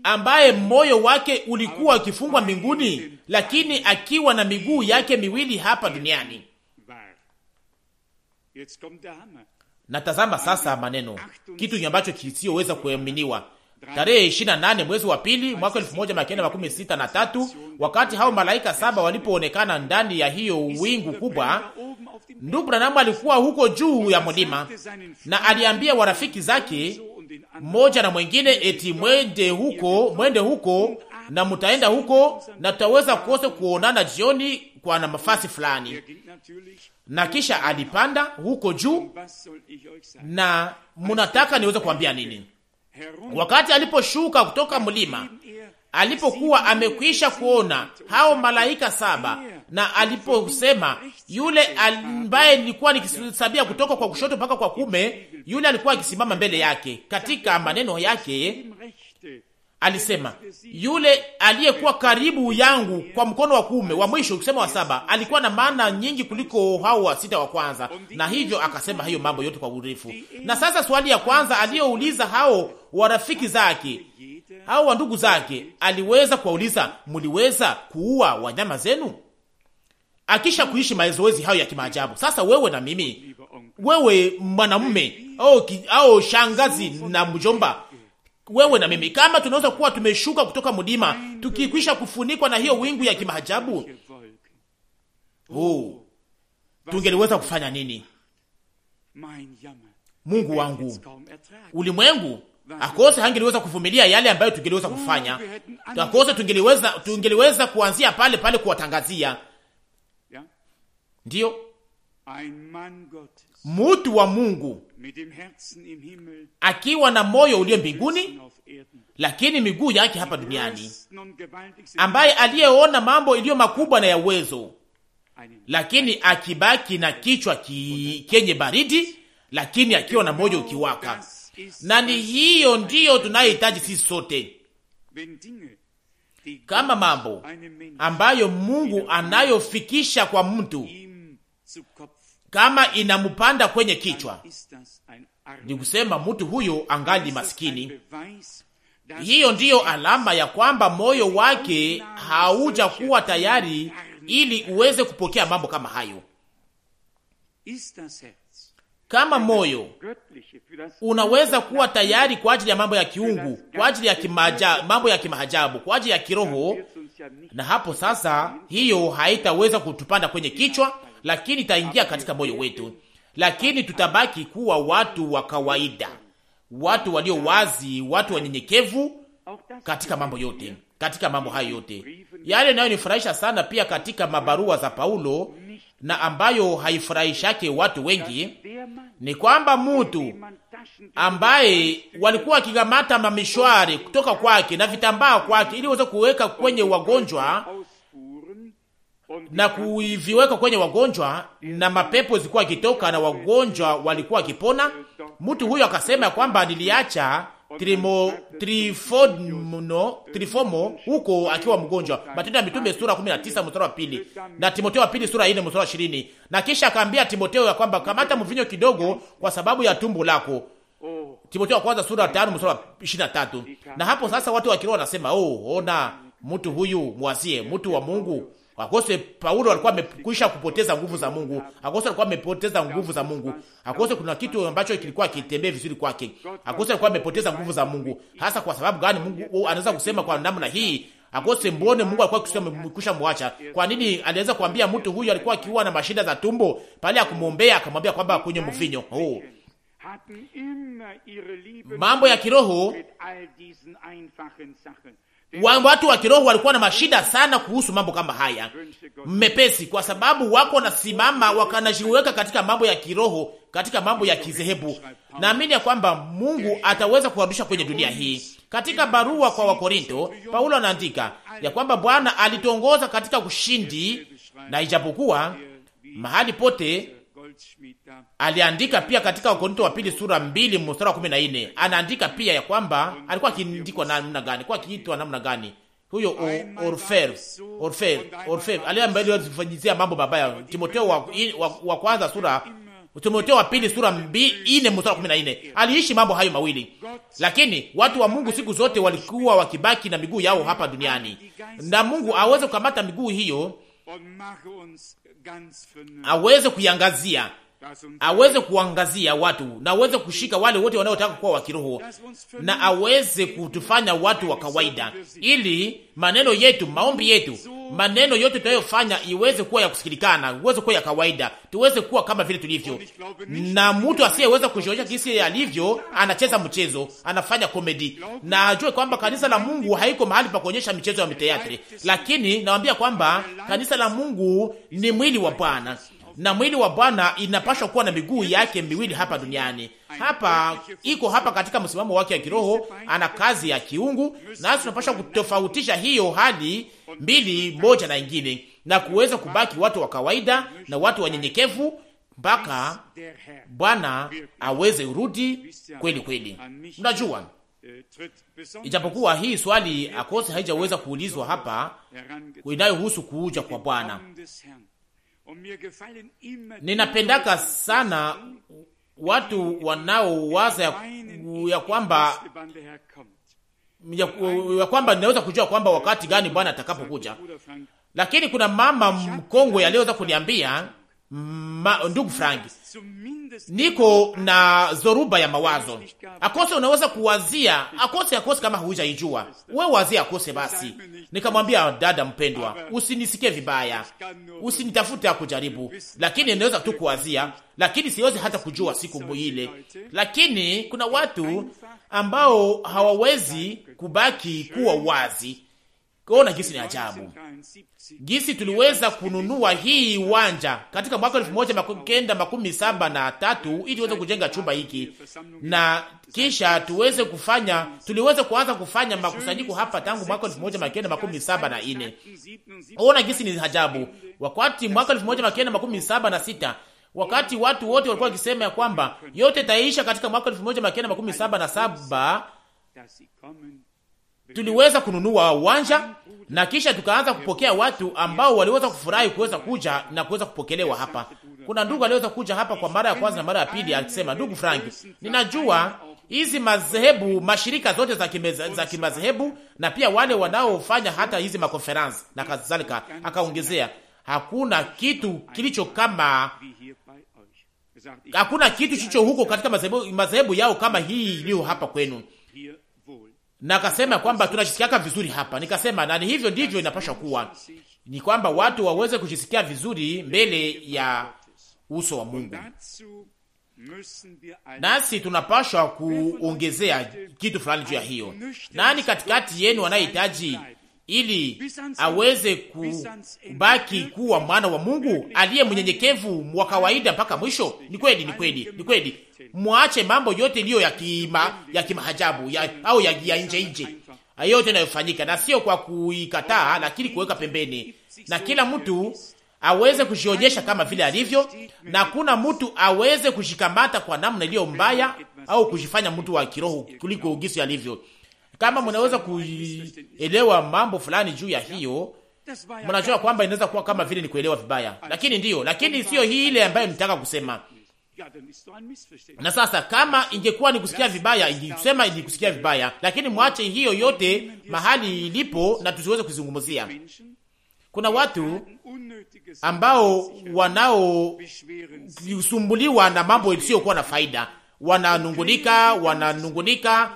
ambaye moyo wake ulikuwa akifungwa mbinguni, lakini akiwa na miguu yake miwili hapa duniani natazama sasa maneno, kitu ambacho kisiyoweza kuaminiwa. Tarehe 28 mwezi wa pili mwaka 1963 wakati hao malaika saba walipoonekana ndani ya hiyo wingu kubwa, ndugu Branham alikuwa huko juu ya mlima na aliambia warafiki zake mmoja na mwengine, eti mwende huko, mwende huko na mtaenda huko na tutaweza kose kuonana jioni kwa na mafasi fulani, na kisha alipanda huko juu. Na mnataka niweze kuambia nini? Wakati aliposhuka kutoka mlima, alipokuwa amekwisha kuona hao malaika saba, na aliposema yule ambaye nilikuwa nikisabia kutoka kwa kushoto mpaka kwa kume, yule alikuwa akisimama mbele yake, katika maneno yake alisema yule aliyekuwa karibu yangu kwa mkono wa kuume wa mwisho, kusema wa saba, alikuwa na maana nyingi kuliko hao wa sita wa kwanza, na hivyo akasema hayo mambo yote kwa urefu. Na sasa swali ya kwanza aliyouliza hao warafiki zake hao wa ndugu zake, aliweza kuwauliza mliweza kuua wanyama zenu? Akisha kuishi mazoezi hayo ya kimaajabu, sasa wewe na mimi, wewe mwanamume au, oh, au oh, shangazi na mjomba wewe na mimi, kama tunaweza kuwa tumeshuka kutoka mlima tukikwisha kufunikwa na hiyo wingu ya kimaajabu, oh, tungeliweza kufanya nini? Mungu wangu, ulimwengu akose hangeliweza kuvumilia yale ambayo tungeliweza kufanya. Akose tungeliweza tungeliweza kuanzia pale pale kuwatangazia, ndiyo mutu wa Mungu akiwa na moyo ulio mbinguni, lakini miguu yake hapa duniani, ambaye aliyeona mambo iliyo makubwa na ya uwezo, lakini akibaki na kichwa ki, kenye baridi, lakini akiwa na moyo ukiwaka. Na ni hiyo ndiyo tunayohitaji sisi sote, kama mambo ambayo Mungu anayofikisha kwa mtu kama inamupanda kwenye kichwa, ni kusema mtu huyo angali maskini. Hiyo ndiyo alama ya kwamba moyo wake haujakuwa tayari ili uweze kupokea mambo kama hayo. Kama moyo unaweza kuwa tayari kwa ajili ya mambo ya kiungu, kwa ajili ya kimaja, mambo ya kimahajabu, kwa ajili ya kiroho, na hapo sasa hiyo haitaweza kutupanda kwenye kichwa, lakini itaingia katika moyo wetu, lakini tutabaki kuwa watu wa kawaida, watu walio wazi, watu wanyenyekevu katika mambo yote, katika mambo hayo yote. Yale nifurahisha sana pia katika mabarua za Paulo na ambayo haifurahishake watu wengi ni kwamba mtu ambaye walikuwa wakikamata mamishwari kutoka kwake na vitambaa kwake ili waweze kuweka kwenye wagonjwa na kuiviweka kwenye wagonjwa, na mapepo zilikuwa akitoka na wagonjwa walikuwa akipona. Mtu huyo akasema kwamba niliacha trimo trifono trifomo huko akiwa mgonjwa. Matendo ya Mitume sura 19 mstari wa pili na Timoteo wa pili sura 4 mstari wa 20. Na kisha akaambia Timoteo ya kwamba kamata mvinyo kidogo kwa sababu ya tumbo lako. Oh. Timoteo wa kwanza sura 5 mstari wa 23. Na hapo sasa watu wa kiroho wanasema, oh, ona mtu huyu mwasie mtu wa Mungu Akose Paulo alikuwa amekwisha kupoteza nguvu za Mungu. Akose alikuwa amepoteza nguvu za Mungu. Akose kuna kitu ambacho kilikuwa kitembee vizuri kwake. Akose alikuwa amepoteza nguvu za Mungu. Hasa kwa sababu gani Mungu anaweza kusema kwa namna hii? Akose mbone Mungu alikuwa kusema amekwisha mwacha. Kwa nini aliweza kuambia mtu huyu alikuwa akiwa na mashida za tumbo, pale akumwombea akamwambia kwamba akunywe mvinyo. Oh. Uh, Mambo ya kiroho Watu wa kiroho walikuwa na mashida sana kuhusu mambo kama haya mmepesi, kwa sababu wako wanasimama wakanajiweka katika mambo ya kiroho, katika mambo ya kizehebu. Naamini ya kwamba Mungu ataweza kuwarudisha kwenye dunia hii. Katika barua kwa Wakorinto, Paulo anaandika ya kwamba Bwana alituongoza katika kushindi na ijapokuwa mahali pote Um, aliandika pia katika Wakorinto wa pili sura mbili mstari wa kumi na nne anaandika pia ya kwamba alikuwa akiandikwa namna gani, alikuwa akiitwa namna gani huyo Orfer Orfer Orfer aliye ambaye alifanyizia mambo mabaya. Timoteo wa, wa, wa kwanza sura Timoteo wa pili sura 2 mstari 14 aliishi mambo hayo mawili, lakini watu wa Mungu siku zote walikuwa wakibaki na miguu yao hapa duniani, na Mungu aweze kukamata miguu hiyo aweze kuiangazia aweze kuangazia watu na aweze kushika wale wote wanaotaka kuwa wa kiroho na aweze kutufanya watu wa kawaida, ili maneno yetu, maombi yetu, maneno yote tunayofanya iweze kuwa ya kusikilikana, iweze kuwa ya kawaida, tuweze kuwa kama vile tulivyo. Na mtu asiyeweza kujionyesha kisi alivyo, anacheza mchezo, anafanya komedi, na ajue kwamba kanisa la Mungu haiko mahali pa kuonyesha michezo ya miteatri, lakini nawambia kwamba kanisa la Mungu ni mwili wa Bwana na mwili wa Bwana inapashwa kuwa na miguu yake miwili hapa duniani. Hapa iko hapa katika msimamo wake ya kiroho, ana kazi ya kiungu, nasi tunapashwa kutofautisha hiyo hali mbili, moja na ingine, na kuweza kubaki watu wa kawaida na watu wanyenyekevu mpaka Bwana aweze urudi kweli kweli. Unajua, ijapokuwa hii swali akose haijaweza kuulizwa hapa inayohusu kuuja kwa Bwana, Ninapendaka sana watu wanaowaza ya, ya kwamba ya, ya kwamba ninaweza kujua kwamba wakati gani Bwana atakapokuja, lakini kuna mama mkongwe aliyeweza kuniambia ma, ndugu Franki niko na zoruba ya mawazo akose. Unaweza kuwazia akose, akose kama hujaijua wewe, wazia akose. Basi nikamwambia dada mpendwa, usinisikie vibaya, usinitafute kujaribu, lakini naweza tu kuwazia, lakini siwezi hata kujua siku ile. Lakini kuna watu ambao hawawezi kubaki kuwa wazi Ona gisi ni ajabu gisi tuliweza kununua hii uwanja katika mwaka elfu moja kenda makumi saba na tatu ili tuweze kujenga chumba hiki na kisha tuweze kufanya, tuliweze kuanza kufanya makusanyiko hapa tangu mwaka elfu moja makenda makumi saba na ine. Ona gisi ni ajabu, wakati mwaka elfu moja makenda makumi saba na sita wakati watu wote walikuwa wakisema ya kwamba yote itaisha katika mwaka elfu moja makenda makumi saba na saba tuliweza kununua uwanja na kisha tukaanza kupokea watu ambao waliweza kufurahi kuweza kuja na kuweza kupokelewa hapa. Kuna ndugu aliweza kuja hapa kwa mara ya kwanza na mara ya pili, akisema ndugu Frank, ninajua hizi madhehebu mashirika zote za kimeza, za kimadhehebu na pia wale wanaofanya hata hizi makonferensi na kadhalika. Akaongezea, hakuna kitu kilicho kama hakuna kitu chicho huko katika madhehebu yao kama hii iliyo hapa kwenu na akasema kwamba tunajisikiaka vizuri hapa. Nikasema na ni hivyo ndivyo inapasha kuwa, ni kwamba watu waweze kujisikia vizuri mbele ya uso wa Mungu. Nasi tunapashwa kuongezea kitu fulani juu ya hiyo. Nani katikati yenu anayehitaji ili aweze kubaki kuwa mwana wa Mungu aliye mnyenyekevu wa kawaida mpaka mwisho. Ni kweli, ni kweli, ni kweli. Mwache mambo yote iliyo ya kima, ya kimahajabu ya, au ya, ya nje nje yote inayofanyika, na sio kwa kuikataa, lakini kuweka pembeni, na kila mtu aweze kujionyesha kama vile alivyo, na kuna mtu aweze kushikamata kwa namna iliyo mbaya au kujifanya mtu wa kiroho kuliko ugiso alivyo. Kama mnaweza kuelewa mambo fulani juu ya hiyo, mnajua kwamba inaweza kuwa kama vile ni kuelewa vibaya, lakini ndiyo, lakini siyo hii ile ambayo nitaka kusema. Na sasa kama ingekuwa ni kusikia vibaya, ingesema ni kusikia vibaya, lakini mwache hiyo yote mahali ilipo na tusiweze kuzungumzia. Kuna watu ambao wanaosumbuliwa na mambo isiyokuwa na faida, wananungunika, wananungunika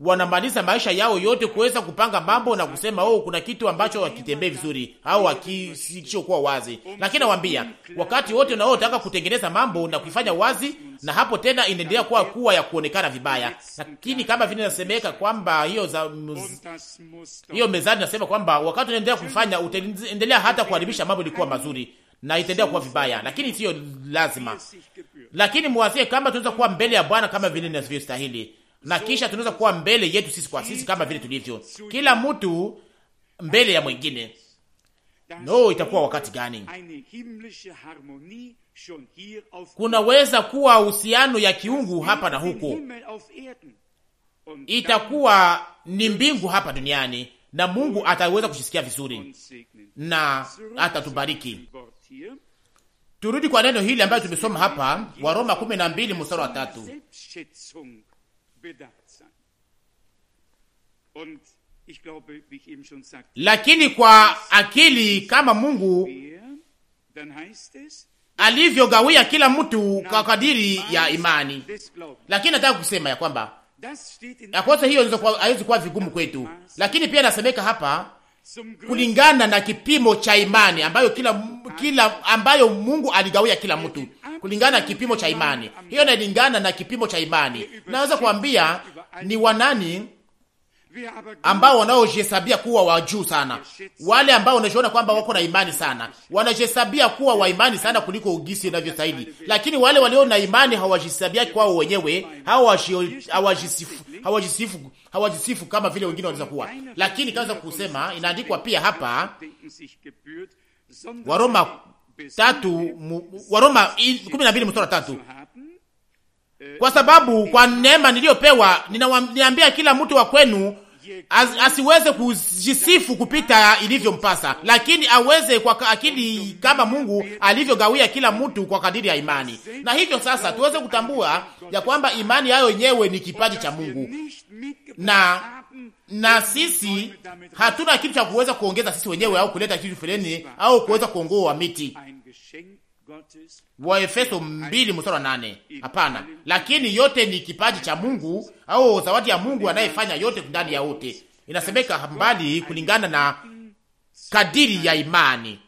wanamaliza maisha yao yote kuweza kupanga mambo na kusema oh, kuna kitu ambacho hakitembei vizuri au hakisichokuwa wazi. Lakini nawaambia wakati wote unaotaka kutengeneza mambo na kuifanya wazi, na hapo tena inaendelea kuwa kuwa ya kuonekana vibaya. Lakini kama vile nasemeka kwamba hiyo za hiyo mezani, nasema kwamba wakati unaendelea kufanya utaendelea hata kuharibisha mambo ilikuwa mazuri na itaendelea kuwa vibaya, lakini sio lazima. Lakini mwazie kama tunaweza kuwa mbele ya Bwana kama vile inavyostahili na kisha tunaweza kuwa mbele yetu sisi kwa sisi kama vile tulivyo, kila mtu mbele ya mwingine. No, itakuwa wakati gani? Kunaweza kuwa uhusiano ya kiungu hapa na huko, itakuwa ni mbingu hapa duniani, na Mungu ataweza kushisikia vizuri na atatubariki. Turudi kwa neno hili ambayo tumesoma hapa, Waroma 12 mstari wa tatu lakini kwa akili kama Mungu alivyogawia kila mtu kwa kadiri ya imani. Lakini nataka kusema ya kwamba ya kwanza hiyo haiwezi kuwa vigumu kwetu, lakini pia nasemeka hapa kulingana na kipimo cha imani ambayo kila, kila ambayo Mungu aligawia kila mtu kulingana na kipimo cha imani. Hiyo inalingana na kipimo cha imani. Naweza kuambia ni wanani ambao wanaojihesabia kuwa wa juu sana, wale ambao wanajiona kwamba wako na imani sana, wanajihesabia kuwa wa imani sana kuliko ugisi inavyostahili. Lakini wale walio na imani hawajihesabia kwao wenyewe, hawajisifu, hawajisifu, hawajisifu kama vile wengine wanaweza kuwa. Lakini kaweza kusema, inaandikwa pia hapa Waroma tatu, Waroma kumi na mbili mstari tatu kwa sababu kwa neema niliyopewa ninawaambia kila mtu wa kwenu as, asiweze kujisifu kupita ilivyompasa, lakini aweze kwa akili kama Mungu alivyogawia kila mtu kwa kadiri ya imani. Na hivyo sasa tuweze kutambua ya kwamba imani yayo yenyewe ni kipaji cha Mungu na na sisi hatuna kitu cha kuweza kuongeza sisi wenyewe au kuleta kitu fulani au kuweza kuongoa miti Waefeso mbili mstari wa nane. Hapana, lakini yote ni kipaji cha Mungu au zawadi ya Mungu anayefanya yote ndani ya wote, inasemeka mbali kulingana na kadiri ya imani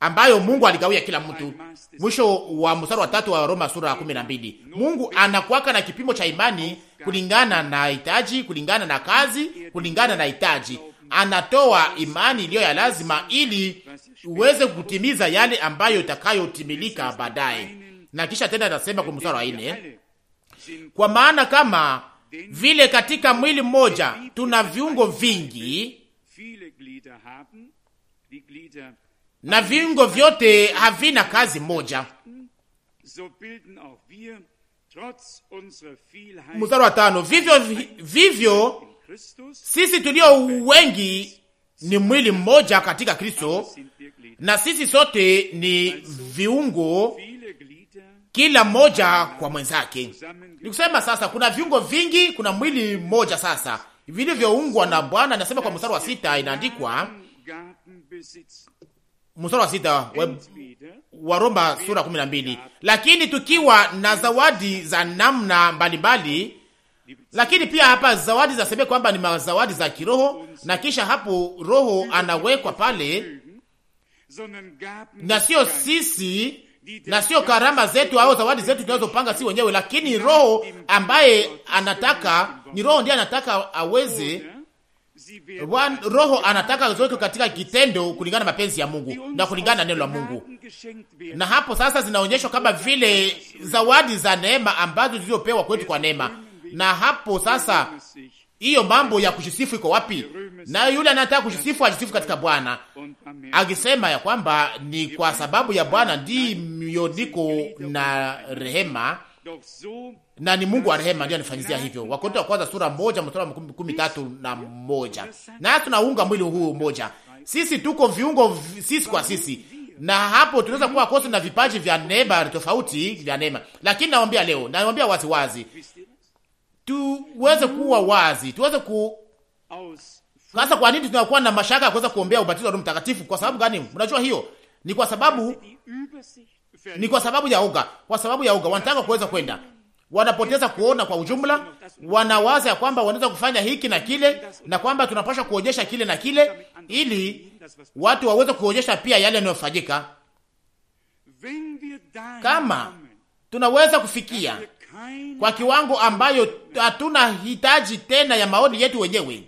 ambayo Mungu aligawia kila mtu. Mwisho wa mstari wa tatu wa Roma sura ya kumi na mbili. Mungu anakuwaka na kipimo cha imani kulingana na hitaji, kulingana na kazi, kulingana na hitaji anatoa imani iliyo ya lazima ili uweze kutimiza yale ambayo itakayotimilika baadaye. Na kisha tena anasema kwa mstari wa nne, kwa maana kama vile katika mwili mmoja tuna viungo vingi na viungo vyote havina kazi moja. Mstari wa tano, vivyo vivyo sisi tulio wengi ni mwili mmoja katika Kristo, na sisi sote ni viungo, kila mmoja kwa mwenzake. Nikusema sasa, kuna viungo vingi, kuna mwili mmoja sasa vilivyoungwa na Bwana. Nasema kwa mstari wa sita, inaandikwa mstari wa sita wa Roma sura kumi na mbili, lakini tukiwa na zawadi za namna mbalimbali lakini pia hapa zawadi zasemea kwamba ni mazawadi za kiroho, na kisha hapo roho anawekwa pale, na sio sisi na sio karama zetu au zawadi zetu tunazopanga si wenyewe, lakini roho ambaye anataka ni roho ndiye anataka aweze Wan, roho anataka zote katika kitendo kulingana na mapenzi ya Mungu na kulingana na neno la Mungu. Na hapo sasa zinaonyeshwa kama vile zawadi za neema ambazo zilizopewa kwetu kwa neema, na hapo sasa, hiyo mambo ya kujisifu iko wapi? Na yule anataka kujisifu ajisifu katika Bwana, akisema ya kwamba ni kwa sababu ya Bwana ndiyo niko na rehema na ni Mungu wa rehema ndiye anifanyizia hivyo. Wakorintho wa kwanza sura moja mstari wa kumi tatu na moja. Na tunaunga mwili huu moja, sisi tuko viungo sisi kwa sisi, na hapo tunaweza kuwa kosi na vipaji vya neema tofauti vya neema, lakini nawambia leo, nawambia waziwazi tuweze kuwa wazi, tuweze ku sasa. Kwa nini tunakuwa na mashaka ya kuweza kuombea ubatizo wa Roho Mtakatifu? Kwa sababu gani? Unajua hiyo ni kwa sababu ni kwa sababu ya uga, kwa sababu ya uga wanataka kuweza kwenda, wanapoteza kuona kwa ujumla, wanawaza ya kwamba wanaweza kufanya hiki na kile, na kwamba tunapasha kuonyesha kile na kile, ili watu waweze kuonyesha pia yale yanayofanyika. Kama tunaweza kufikia kwa kiwango ambayo hatuna hitaji tena ya maoni yetu wenyewe,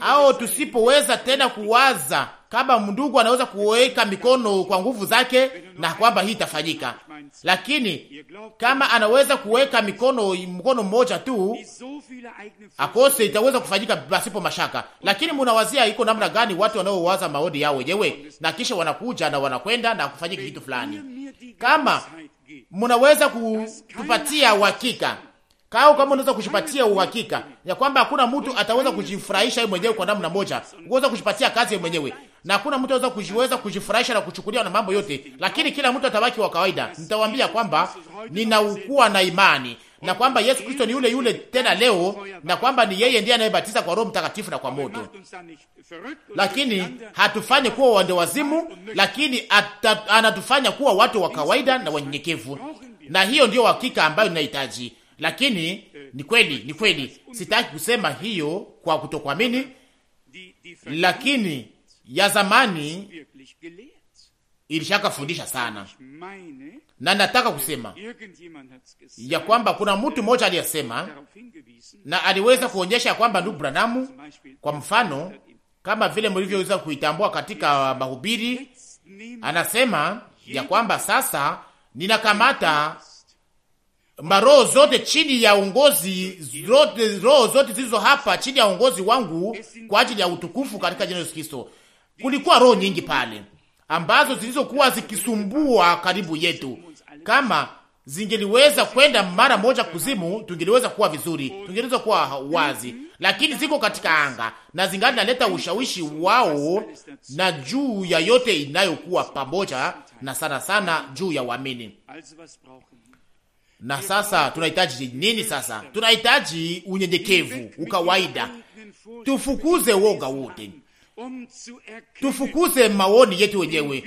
au tusipoweza tena kuwaza kama ndugu anaweza kuweka mikono kwa nguvu zake na kwamba hii itafanyika, lakini kama anaweza kuweka mikono mkono mmoja tu akose, itaweza kufanyika pasipo mashaka. Lakini munawazia iko namna gani watu wanaowaza maoni yao wenyewe na kisha wanakuja na wanakwenda na kufanyika kitu fulani? Kama mnaweza kutupatia uhakika kao, kama unaweza kujipatia uhakika ya kwamba hakuna mtu ataweza kujifurahisha yeye mwenyewe kwa namna moja, uweza kujipatia kazi yeye mwenyewe, na hakuna mtu anaweza kujiweza kujifurahisha na kuchukuliwa na mambo yote, lakini kila mtu atabaki wa kawaida. Nitawaambia kwamba ninaukua na imani na kwamba Yesu Kristo ni yule yule tena leo, na kwamba ni yeye ndiye anayebatiza kwa Roho Mtakatifu na kwa moto. Lakini hatufanye kuwa wande wazimu, lakini anatufanya kuwa watu wa kawaida na wanyenyekevu, na hiyo ndiyo hakika ambayo ninahitaji. Lakini ni kweli, ni kweli, sitaki kusema hiyo kwa kutokuamini, lakini ya zamani ilishakafundisha sana na nataka kusema ya kwamba kuna mtu mmoja aliyesema na aliweza kuonyesha ya kwamba ndugu Branamu, kwa mfano, er kama vile mlivyoweza kuitambua katika mahubiri, anasema ya kwamba sasa ninakamata maroho zote chini ya uongozi, roho zote zilizo hapa chini ya uongozi wangu kwa ajili ya utukufu katika jina la Yesu Kristo. Kulikuwa roho nyingi pale ambazo zilizokuwa zikisumbua karibu yetu, kama zingeliweza kwenda mara moja kuzimu, tungeliweza kuwa vizuri, tungeliweza kuwa wazi, lakini ziko katika anga na zingali naleta ushawishi wao na juu ya yote inayokuwa pamoja na sana sana juu ya wamini Na sasa tunahitaji nini? Sasa tunahitaji unyenyekevu, ukawaida, tufukuze woga wote Um tufukuze maoni yetu wenyewe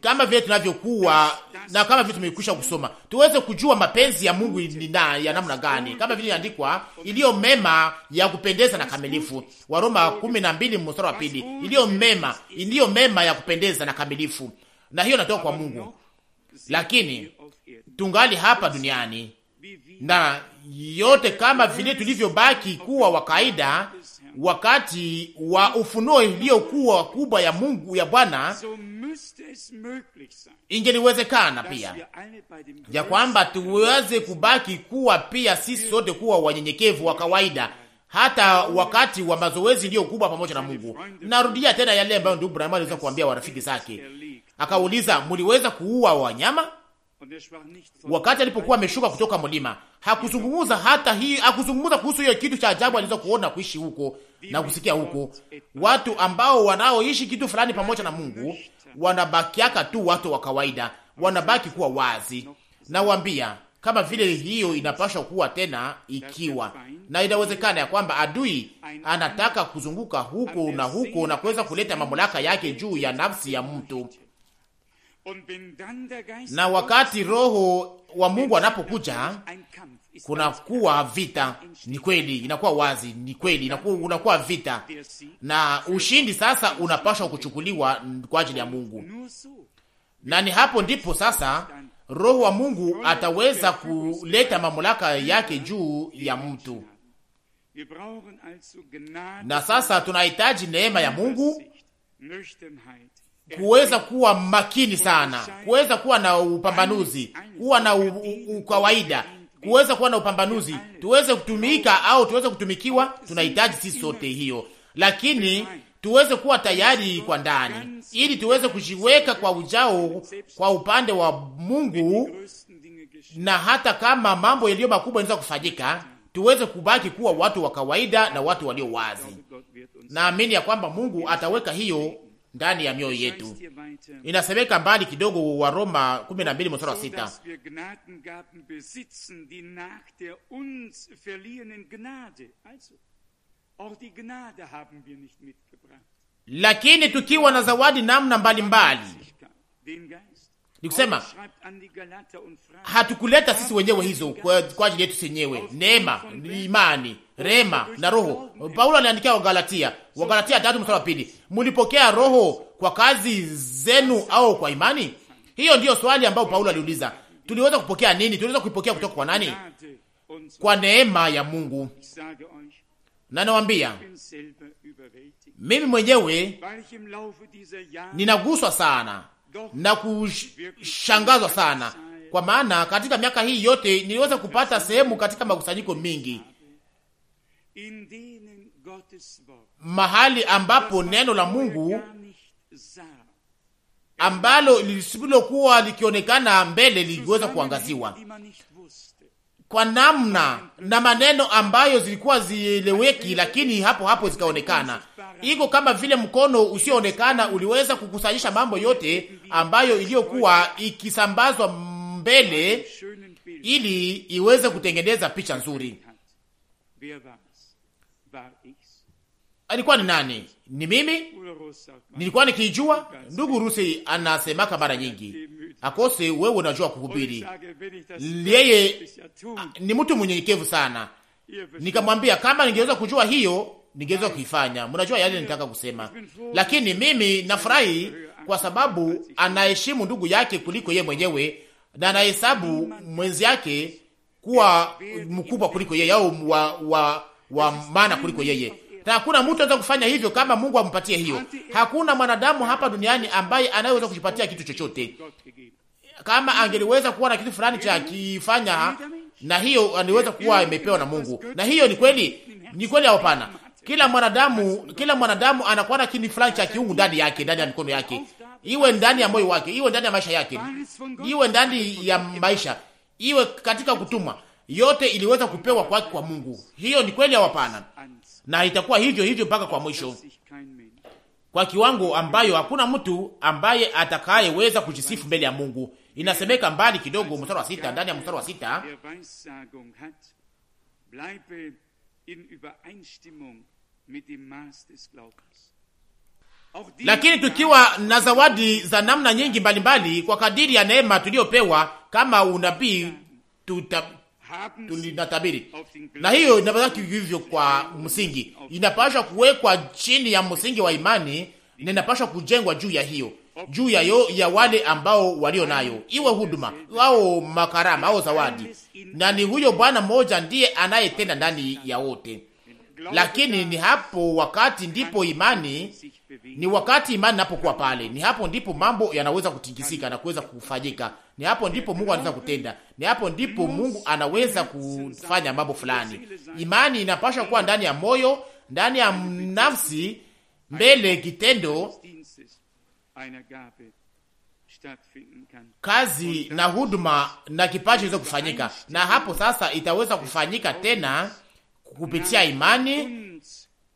kama vile tunavyokuwa na kama vile tumekwisha kusoma, tuweze kujua mapenzi ya Mungu ni na ya namna gani, um, kama vile inaandikwa, iliyo mema ya kupendeza na kamilifu, Waroma 12 mstari wa pili, iliyo mema, iliyo mema ya kupendeza na kamilifu, na hiyo natoka kwa Mungu. Lakini tungali hapa duniani na yote kama vile tulivyobaki kuwa wa kawaida wakati wa ufunuo iliyokuwa kubwa ya Mungu ya Bwana, ingeliwezekana pia ya kwamba tuweze kubaki kuwa pia sisi sote kuwa wanyenyekevu wa kawaida hata wakati wa mazoezi iliyo kubwa pamoja na Mungu. Narudia tena yale ambayo ndugu brahimu aliweza kuambia warafiki zake, akauliza, muliweza kuua wanyama? wakati alipokuwa ameshuka kutoka mlima hakuzungumza hata hii, hakuzungumza kuhusu hiyo kitu cha ajabu aliweza kuona kuishi huko na kusikia huko. Watu ambao wanaoishi kitu fulani pamoja na Mungu wanabakiaka tu watu wa kawaida, wanabaki kuwa wazi. nawambia kama vile hiyo inapaswa kuwa tena, ikiwa na inawezekana ya kwamba adui anataka kuzunguka huko na huko na kuweza kuleta mamlaka yake juu ya nafsi ya mtu na wakati Roho wa Mungu anapokuja kunakuwa vita. Ni kweli, inakuwa wazi, ni kweli, inakuwa, unakuwa vita na ushindi. Sasa unapashwa kuchukuliwa kwa ajili ya Mungu, na ni hapo ndipo sasa Roho wa Mungu ataweza kuleta mamlaka yake juu ya mtu. Na sasa tunahitaji neema ya Mungu kuweza kuwa makini sana, kuweza kuwa na upambanuzi, kuwa na ukawaida, kuweza kuwa na upambanuzi, tuweze kutumika au tuweze kutumikiwa. Tunahitaji sisi sote hiyo, lakini tuweze kuwa tayari kwa ndani, ili tuweze kujiweka kwa ujao kwa upande wa Mungu, na hata kama mambo yaliyo makubwa yanaweza kufanyika, tuweze kubaki kuwa watu wa kawaida na watu walio wazi. Naamini ya kwamba Mungu ataweka hiyo ndani ya mioyo yetu. Inasemeka mbali kidogo, wa Roma 12 mstari wa lakini tukiwa na zawadi namna mbalimbali mbali kusema hatukuleta sisi wenyewe hizo kwa, kwa ajili yetu senyewe, neema, imani, rema na roho. Paulo aliandikia Wagalatia, Wagalatia tatu mstari wa pili, mulipokea roho kwa kazi zenu au kwa imani? Hiyo ndiyo swali ambayo Paulo aliuliza. Tuliweza kupokea nini? Tuliweza kuipokea kutoka kwa nani? Kwa neema ya Mungu. Na mimi mwenyewe ninaguswa sana na kushangazwa sana, kwa maana katika miaka hii yote niliweza kupata sehemu katika makusanyiko mingi mahali ambapo neno la Mungu ambalo lisilokuwa likionekana mbele liliweza kuangaziwa kwa namna na maneno ambayo zilikuwa zieleweki, lakini hapo hapo zikaonekana iko kama vile mkono usioonekana uliweza kukusanyisha mambo yote ambayo iliyokuwa ikisambazwa mbele ili iweze kutengeneza picha nzuri. Alikuwa ni nani? Ni mimi? Nilikuwa nikijua. Ndugu Rusi anasemaka mara nyingi akose, wewe unajua kuhubiri. Yeye ni mtu mnyenyekevu sana. Nikamwambia kama ningeweza kujua hiyo ningeweza kuifanya. Mnajua yale nitaka kusema, lakini mimi nafurahi kwa sababu anaheshimu ndugu yake kuliko yeye mwenyewe na anahesabu mwenzi yake kuwa mkubwa kuliko yeye au wa, wa, wa maana kuliko yeye, na hakuna mtu anaweza kufanya hivyo kama Mungu ampatie hiyo. Eh. Hakuna mwanadamu hapa duniani ambaye anayeweza kujipatia kitu chochote. Kama angeliweza kuwa na kitu fulani cha kifanya, na hiyo aniweza kuwa imepewa na Mungu, na hiyo ni kweli, ni kweli au hapana? Kila mwanadamu, kila mwanadamu anakuwa na kini fulani cha kiungu ndani yake, ndani ya mikono yake, iwe ndani ya moyo wake, iwe ndani ya maisha yake, iwe ndani ya maisha, iwe katika kutuma, yote iliweza kupewa kwake kwa Mungu. Hiyo ni kweli au hapana? Na itakuwa hivyo hivyo mpaka kwa mwisho, kwa kiwango ambayo hakuna mtu ambaye atakayeweza kujisifu mbele ya Mungu. Inasemeka mbali kidogo, mstari wa sita, ndani ya mstari wa sita lakini tukiwa na zawadi za namna nyingi mbalimbali mbali, kwa kadiri ya neema tuliyopewa kama unabii tunatabiri, na hiyo inapasa hivyo kwa msingi, inapashwa kuwekwa chini ya msingi wa imani na inapashwa kujengwa juu ya hiyo juu ya yo, ya wale ambao walio nayo, iwe huduma au makarama au zawadi, na ni huyo Bwana mmoja ndiye anayetenda ndani ya wote lakini ni hapo wakati ndipo imani, ni wakati imani napokuwa pale, ni hapo ndipo mambo yanaweza kutingisika na kuweza kufanyika. Ni hapo ndipo Mungu anaweza kutenda, ni hapo ndipo Mungu anaweza kufanya mambo fulani. Imani inapashwa kuwa ndani ya moyo, ndani ya nafsi, mbele kitendo kazi na huduma na kipaji iweze kufanyika, na hapo sasa itaweza kufanyika tena kupitia imani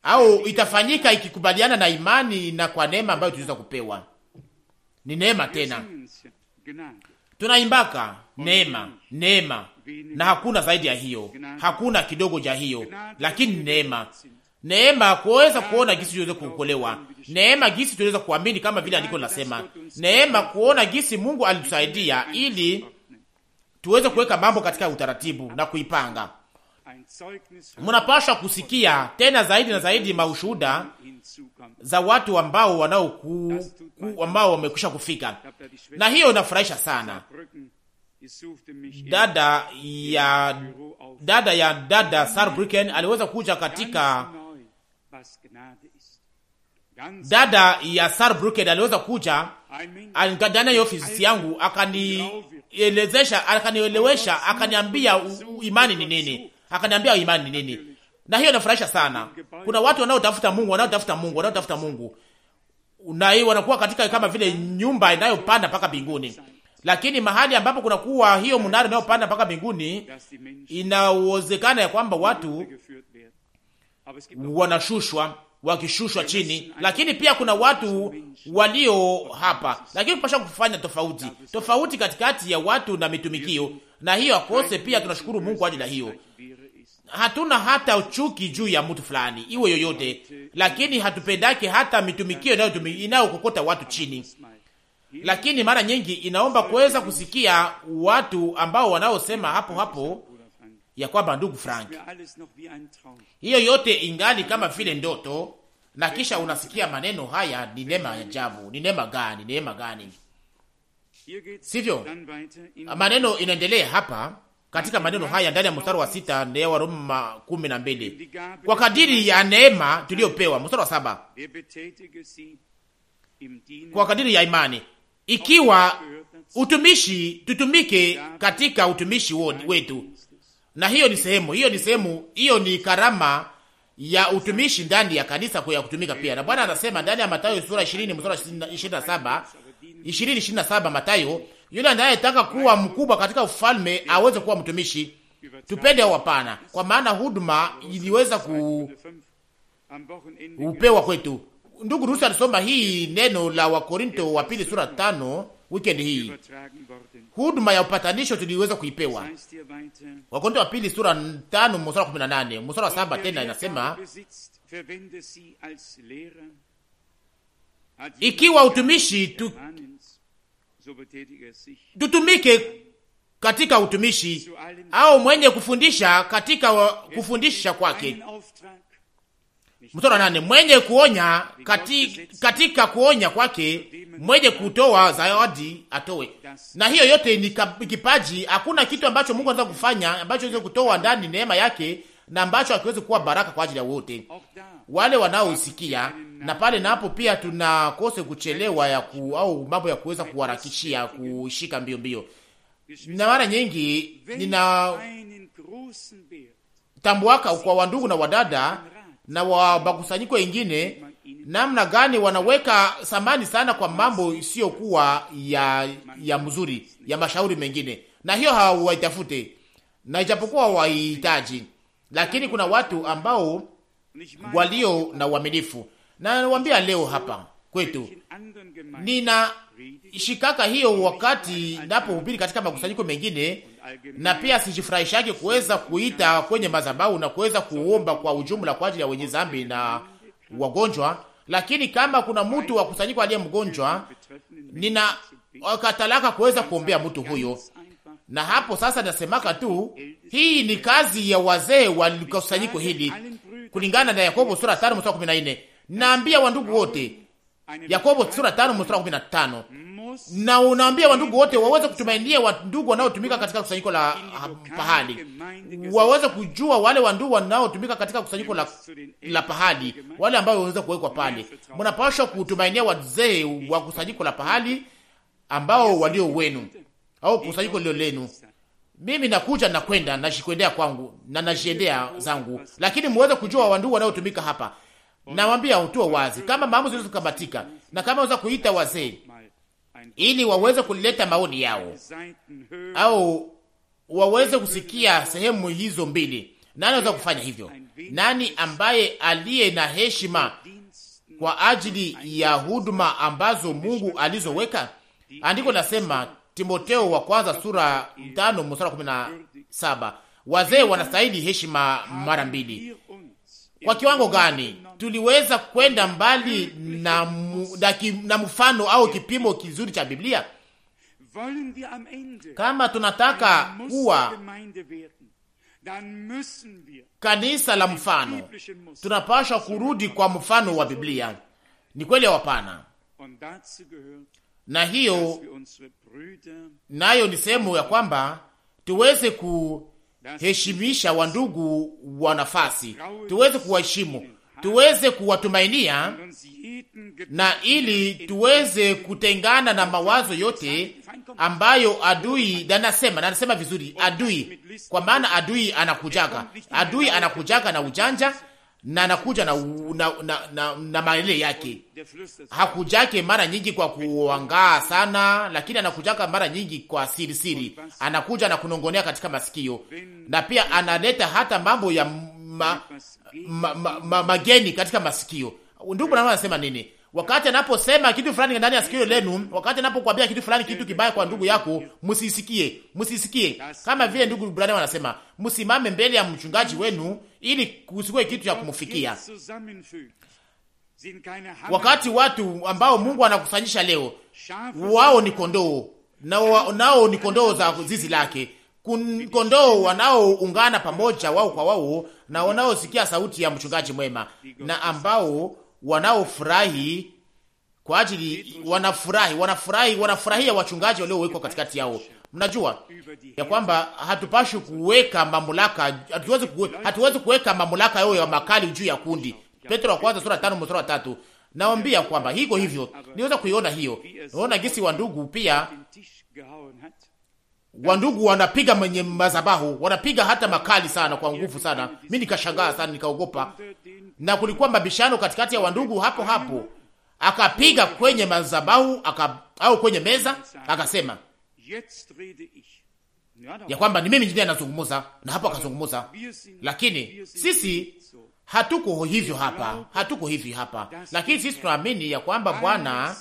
au itafanyika ikikubaliana na imani na kwa neema ambayo tunaweza kupewa. Ni neema tena, tunaimbaka neema, neema, na hakuna zaidi ya hiyo, hakuna kidogo cha hiyo, lakini neema, neema kuweza kuona gisi tuweze kuokolewa, neema gisi tuweza kuamini kama vile andiko linasema, neema kuona gisi Mungu alitusaidia ili tuweze kuweka mambo katika utaratibu na kuipanga mnapasha kusikia tena zaidi na zaidi maushuda za watu ambao wanaoku ambao wamekwisha kufika, na hiyo inafurahisha sana. Dada ya dada ya dada Sarbrücken aliweza kuja katika dada ya Sarbrücken aliweza kuja ndani ya ofisi yangu, akanielezesha, akanielewesha, akaniambia imani ni nini akaniambia oh, imani ni nini, na hiyo inafurahisha sana. Kuna watu wanaotafuta Mungu, wanaotafuta Mungu, wanaotafuta Mungu, na hiyo wanakuwa katika kama vile nyumba inayopanda mpaka mbinguni, lakini mahali ambapo kuwa hiyo mnara inayopanda mpaka mbinguni, inawezekana ya kwamba watu wanashushwa wakishushwa chini, lakini pia kuna watu walio hapa, lakini kupasha kufanya tofauti tofauti katikati ya watu na mitumikio na hiyo akose pia. Tunashukuru Mungu kwa ajili ya hiyo. Hatuna hata uchuki juu ya mtu fulani iwe yoyote, lakini hatupendake hata mitumikio inayokokota watu chini, lakini mara nyingi inaomba kuweza kusikia watu ambao wanaosema hapo hapo ya kwamba ndugu Frank, hiyo yote ingali kama vile ndoto, na kisha unasikia maneno haya. Ni neema ya ajabu, ni neema gani, neema gani! sivyo? Maneno inaendelea hapa katika maneno haya ndani ya mstari wa sita na wa Roma kumi na mbili, kwa kadiri ya neema tuliyopewa. Mstari wa saba, kwa kadiri ya imani, ikiwa utumishi, tutumike katika utumishi wetu. Na hiyo ni sehemu, hiyo ni sehemu, hiyo ni karama ya utumishi ndani ya kanisa kwa ya kutumika pia. Na Bwana anasema ndani ya Mathayo sura 20 mstari wa 27 ishirini ishirini na saba Matayo, yule anayetaka kuwa mkubwa katika ufalme aweze kuwa mtumishi. Tupende au hapana? Kwa maana huduma iliweza ku upewa kwetu. Ndugu Rusi alisoma hii neno la Wakorinto wa pili sura tano wikendi hii. Huduma ya upatanisho tuliweza kuipewa. Wakorinto wa pili sura tano mstari wa kumi na nane mstari wa saba tena inasema ikiwa utumishi tu, tutumike katika utumishi au mwenye kufundisha katika kufundisha kwake. Mtoro nane, mwenye kuonya kati, katika kuonya kwake, mwenye kutoa zawadi atoe. Na hiyo yote ni kipaji. Hakuna kitu ambacho Mungu anaweza kufanya ambacho aweze kutoa ndani neema yake na ambacho akiwezi kuwa baraka kwa ajili ya wote wale wanaosikia na pale na hapo pia tunakose kuchelewa ya ku, au mambo ya kuweza kuharakishia kushika mbio mbio. Na mara nyingi nina tambuaka kwa wandugu na wadada na wa wengine namna gani wanaweka samani sana kwa mambo isiyokuwa ya ya mzuri ya mashauri mengine, na hiyo hawaitafute na ijapokuwa waihitaji, lakini kuna watu ambao walio na uaminifu na nawaambia leo hapa kwetu nina shikaka hiyo wakati napohubiri katika makusanyiko mengine, na pia sijifurahishake kuweza kuita kwenye madhabahu na kuweza kuomba kwa ujumla kwa ajili ya wenye zambi na wagonjwa. Lakini kama kuna mtu wa kusanyiko aliye mgonjwa, nina katalaka kuweza kuombea mtu huyo, na hapo sasa nasemaka tu, hii ni kazi ya wazee wa kusanyiko hili kulingana na Yakobo sura 5 mstari 14. Naambia wandugu wote, Yakobo sura 5 mstari 15, na unaambia wandugu wote waweze kutumainia wandugu wanaotumika katika kusanyiko la pahali, waweze kujua wale wandugu wanaotumika katika kusanyiko la, la pahali, wale ambao waweze kuwekwa pale. Mnapaswa kutumainia wazee wa kusanyiko la pahali ambao walio wenu au kusanyiko lilo lenu. Mimi nakuja na nakwenda, najikwendea kwangu na najiendea zangu, lakini muweze kujua wandugu wanaotumika hapa Nawambia utuo wazi kama maamuzi zinaweza kukamatika na kama waweza kuita wazee ili waweze kuleta maoni yao au waweze kusikia sehemu hizo mbili. Nani aweza kufanya hivyo? Nani ambaye aliye na heshima kwa ajili ya huduma ambazo Mungu alizoweka? Andiko nasema Timoteo wa kwanza sura 5 mstari 17, wazee wanastahili heshima mara mbili. Kwa kiwango gani tuliweza kwenda mbali na, mu, na, ki, na mfano au kipimo kizuri cha Biblia? Kama tunataka kuwa kanisa la mfano, tunapashwa kurudi kwa mfano wa Biblia. Ni kweli hapana? Na hiyo nayo ni sehemu ya kwamba tuweze ku heshimisha wandugu wa nafasi, tuweze kuwaheshimu, tuweze kuwatumainia, na ili tuweze kutengana na mawazo yote ambayo adui nanasema Na anasema vizuri adui, kwa maana adui anakujaga, adui anakujaga na ujanja na anakuja na, na, na, na, na maele yake. Hakujake mara nyingi kwa kuangaa sana, lakini anakujaka mara nyingi kwa siri siri, anakuja na kunongonea katika masikio, na pia analeta hata mambo ya ma, ma, ma, ma, ma, mageni katika masikio. Ndugu Branham anasema nini wakati anaposema kitu fulani ndani ya sikio lenu, wakati anapokuambia kitu fulani, kitu kibaya kwa ndugu yako, msisikie, msisikie. Kama vile ndugu Branham anasema, msimame mbele ya mchungaji wenu ili kusikuwe kitu cha kumfikia. Wakati watu ambao Mungu anakusanyisha leo, wao ni kondoo nao, nao ni kondoo za zizi lake, kondoo wanaoungana pamoja wao kwa wao na wanaosikia sauti ya mchungaji mwema na ambao wanaofurahi kwa ajili wanafurahi wanafurahi wanafurahia wachungaji waliowekwa katikati yao. Mnajua ya kwamba hatupashi kuweka mamlaka, hatuwezi kuweka, hatuwezi kuweka mamlaka yao ya makali juu ya kundi. Petro wa kwanza sura 5 mstari wa 3. Naambia kwamba hiko hivyo. Niweza kuiona hiyo. Naona gisi wa ndugu pia wandugu wanapiga mwenye mazabahu, wanapiga hata makali sana, kwa nguvu sana. Mimi nikashangaa sana, nikaogopa. Na kulikuwa mabishano katikati ya wandugu hapo hapo, akapiga kwenye mazabahu aka, au kwenye meza, akasema ya kwamba ni mimi ndiye anazungumza na hapo akazungumuza, lakini sisi hatuko hivyo hapa, hatuko hivi hapa, lakini sisi tunaamini ya kwamba Bwana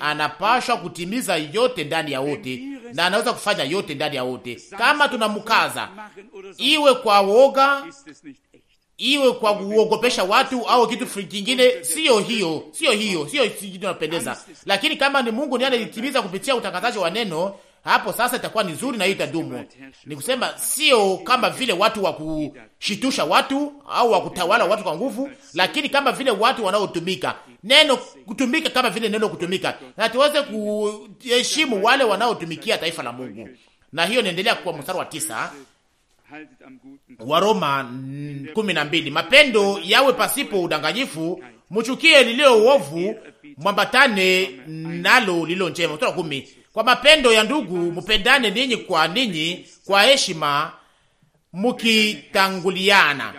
anapashwa kutimiza yote ndani ya wote na anaweza kufanya yote ndani ya wote, kama tunamkaza, iwe kwa woga iwe kwa kuogopesha watu au kitu kingine. Sio hiyo, sio hiyo, sio kitu napendeza. Lakini kama ni Mungu ndiye anayetimiza kupitia utangazaji wa neno, hapo sasa itakuwa ni nzuri na hiyo itadumu. Ni kusema sio kama vile watu wa kushitusha watu au wa kutawala watu kwa nguvu, lakini kama vile watu wanaotumika neno kutumika, kama vile neno kutumika, na tuweze kuheshimu wale wanaotumikia taifa la Mungu. Na hiyo inaendelea kwa mstari wa tisa. Waroma 12, mm, mapendo yawe pasipo udanganyifu, mchukie lilio uovu, mwambatane nalo lilo njema. Mstari kumi, kwa mapendo ya ndugu mupendane ninyi kwa ninyi kwa heshima mukitanguliana.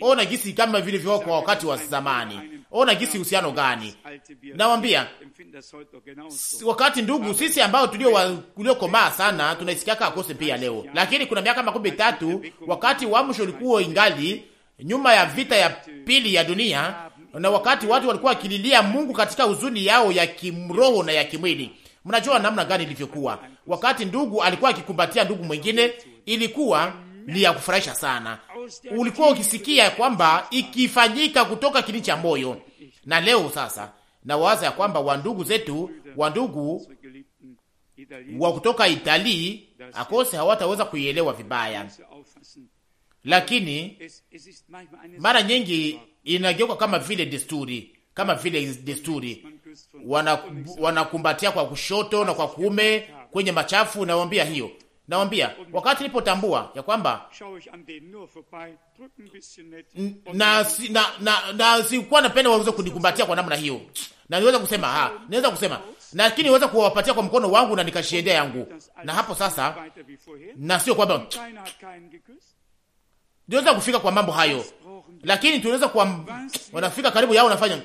Ona jinsi kama vile vyokuwa wakati wa zamani Ona gisi uhusiano gani? Nawambia wakati ndugu, sisi ambao tuliokomaa sana tunaisikiaka akose pia leo, lakini kuna miaka makumi tatu wakati wamsho ulikuwa ingali nyuma ya vita ya pili ya dunia, na wakati watu walikuwa wakililia Mungu katika huzuni yao ya kimroho na ya kimwili. Mnajua namna gani ilivyokuwa wakati ndugu alikuwa akikumbatia ndugu mwingine, ilikuwa ni ya kufurahisha sana. Ulikuwa ukisikia kwamba ikifanyika kutoka kilindi cha moyo, na leo sasa na waza ya kwamba wandugu zetu wandugu wa kutoka Italii akose hawataweza kuielewa vibaya, lakini mara nyingi inageuka kama vile desturi, kama vile desturi, wanakumbatia wana kwa kushoto na kwa kuume kwenye machafu, nawambia hiyo Nawambia, wakati nilipotambua ya kwamba na na na, na napenda waweze kunikumbatia kwa namna hiyo, na niweza kusema ha, niweza kusema lakini niweza kuwapatia kwa mkono wangu na nikashiendea yangu, na hapo sasa, na sio kwamba tunaweza kufika kwa mambo hayo, lakini tunaweza kwa wanafika karibu yao wanafanya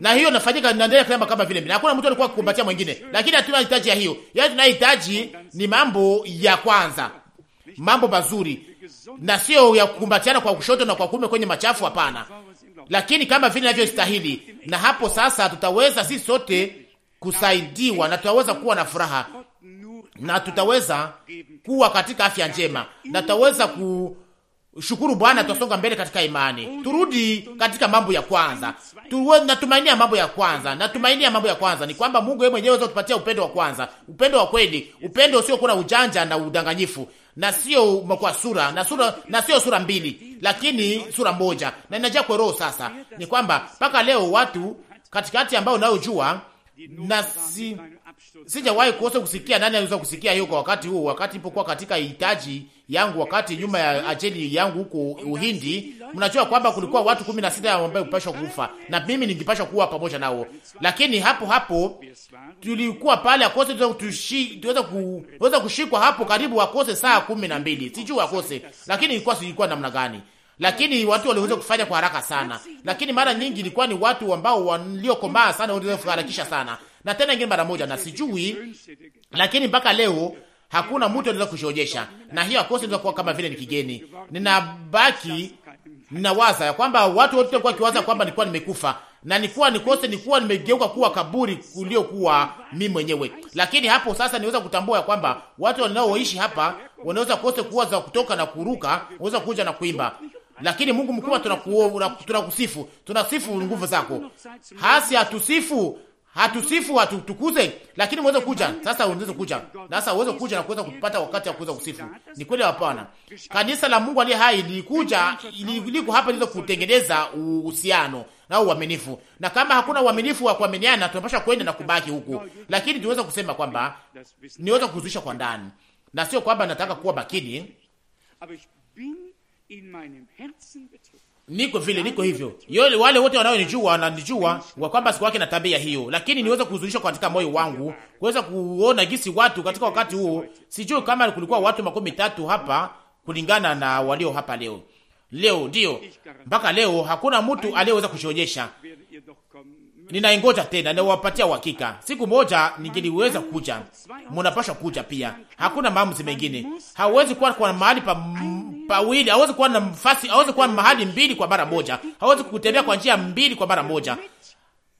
na hiyo nafanyika naendelea kama kama vile mimi. Hakuna mtu alikuwa kukumbatia mwingine, lakini hatuna hitaji ya hiyo. Yaani tunahitaji ni mambo ya kwanza, mambo mazuri, na sio ya kukumbatiana kwa kushoto na kwa kume kwenye machafu. Hapana, lakini kama vile inavyostahili, na hapo sasa tutaweza sisi sote kusaidiwa na tutaweza kuwa na furaha na tutaweza kuwa katika afya njema na tutaweza ku Shukuru Bwana, twasonga mbele katika imani. Turudi katika mambo ya kwanza, natumainia mambo ya kwanza, natumainia mambo ya kwanza ni kwamba Mungu yeye mwenyewe aweza kutupatia upendo wa kwanza, upendo wa kweli, upendo usiokuwa na ujanja na udanganyifu, na sio kwa sura na sura na sio sura mbili, lakini sura moja, na inajia kwa roho. Sasa ni kwamba mpaka leo watu katikati ambao unayojua na si sijawahi kuosa kusikia. Nani anaweza kusikia hiyo kwa wakati huo, wakati ipokuwa katika hitaji yangu, wakati nyuma ya ajeli yangu huko Uhindi? Mnajua kwamba kulikuwa watu kumi na sita ambao kupashwa kufa na mimi ningipashwa kuwa pamoja nao, lakini hapo hapo tulikuwa pale akose tuweza kushikwa hapo karibu akose saa kumi na mbili sijui akose, lakini ilikuwa sijikuwa namna gani lakini watu waliweza kufanya kwa haraka sana, lakini mara nyingi ilikuwa ni watu ambao waliokomaa sana waliweza kuharakisha sana, na tena ingine mara moja, na sijui, lakini mpaka leo hakuna mtu anaweza kujionyesha, na hiyo akosi inaweza kuwa kama vile ni kigeni. Ninabaki ninawaza ya kwamba watu wote walikuwa kiwaza kwamba nilikuwa nimekufa na nilikuwa nikose, nilikuwa nimegeuka kuwa kaburi uliokuwa mimi mwenyewe. Lakini hapo sasa niweza kutambua ya kwamba watu wanaoishi hapa wanaweza kose kuwa za kutoka na kuruka, wanaweza kuja na kuimba lakini Mungu mkubwa, tunakusifu, tunasifu nguvu zako hasi, hatusifu hatusifu hatutukuze, lakini mweze kuja sasa, unaweza kuja sasa, uweze kuja na kuweza kupata wakati wa kuweza kusifu. Ni kweli, hapana. Kanisa la Mungu aliye hai lilikuja, liko hapa lizo kutengeneza uhusiano na uaminifu, na kama hakuna uaminifu wa kuaminiana, tunapaswa kwenda na kubaki huku, lakini tuweza kusema kwamba niweza kuzuisha kwa ndani, na sio kwamba nataka kuwa makini niko vile niko hivyo. Yole wale wote wanaonijua wananijua kwa kwamba siku yake na tabia hiyo, lakini niweza kuhuzunisha katika moyo wangu kuweza kuona gisi watu katika wakati huo. Sijui kama kulikuwa watu makumi tatu hapa kulingana na walio hapa leo. Leo ndio mpaka leo hakuna mtu aliyeweza kujionyesha. Ninaingoja tena na wapatia uhakika, siku moja ningeliweza kuja. Mnapasha kuja pia, hakuna maamuzi mengine. Hauwezi kuwa kwa mahali pa pawili, hawezi kuwa na nafasi, hawezi kuwa mahali mbili kwa mara moja, hawezi kutembea kwa njia mbili kwa mara moja,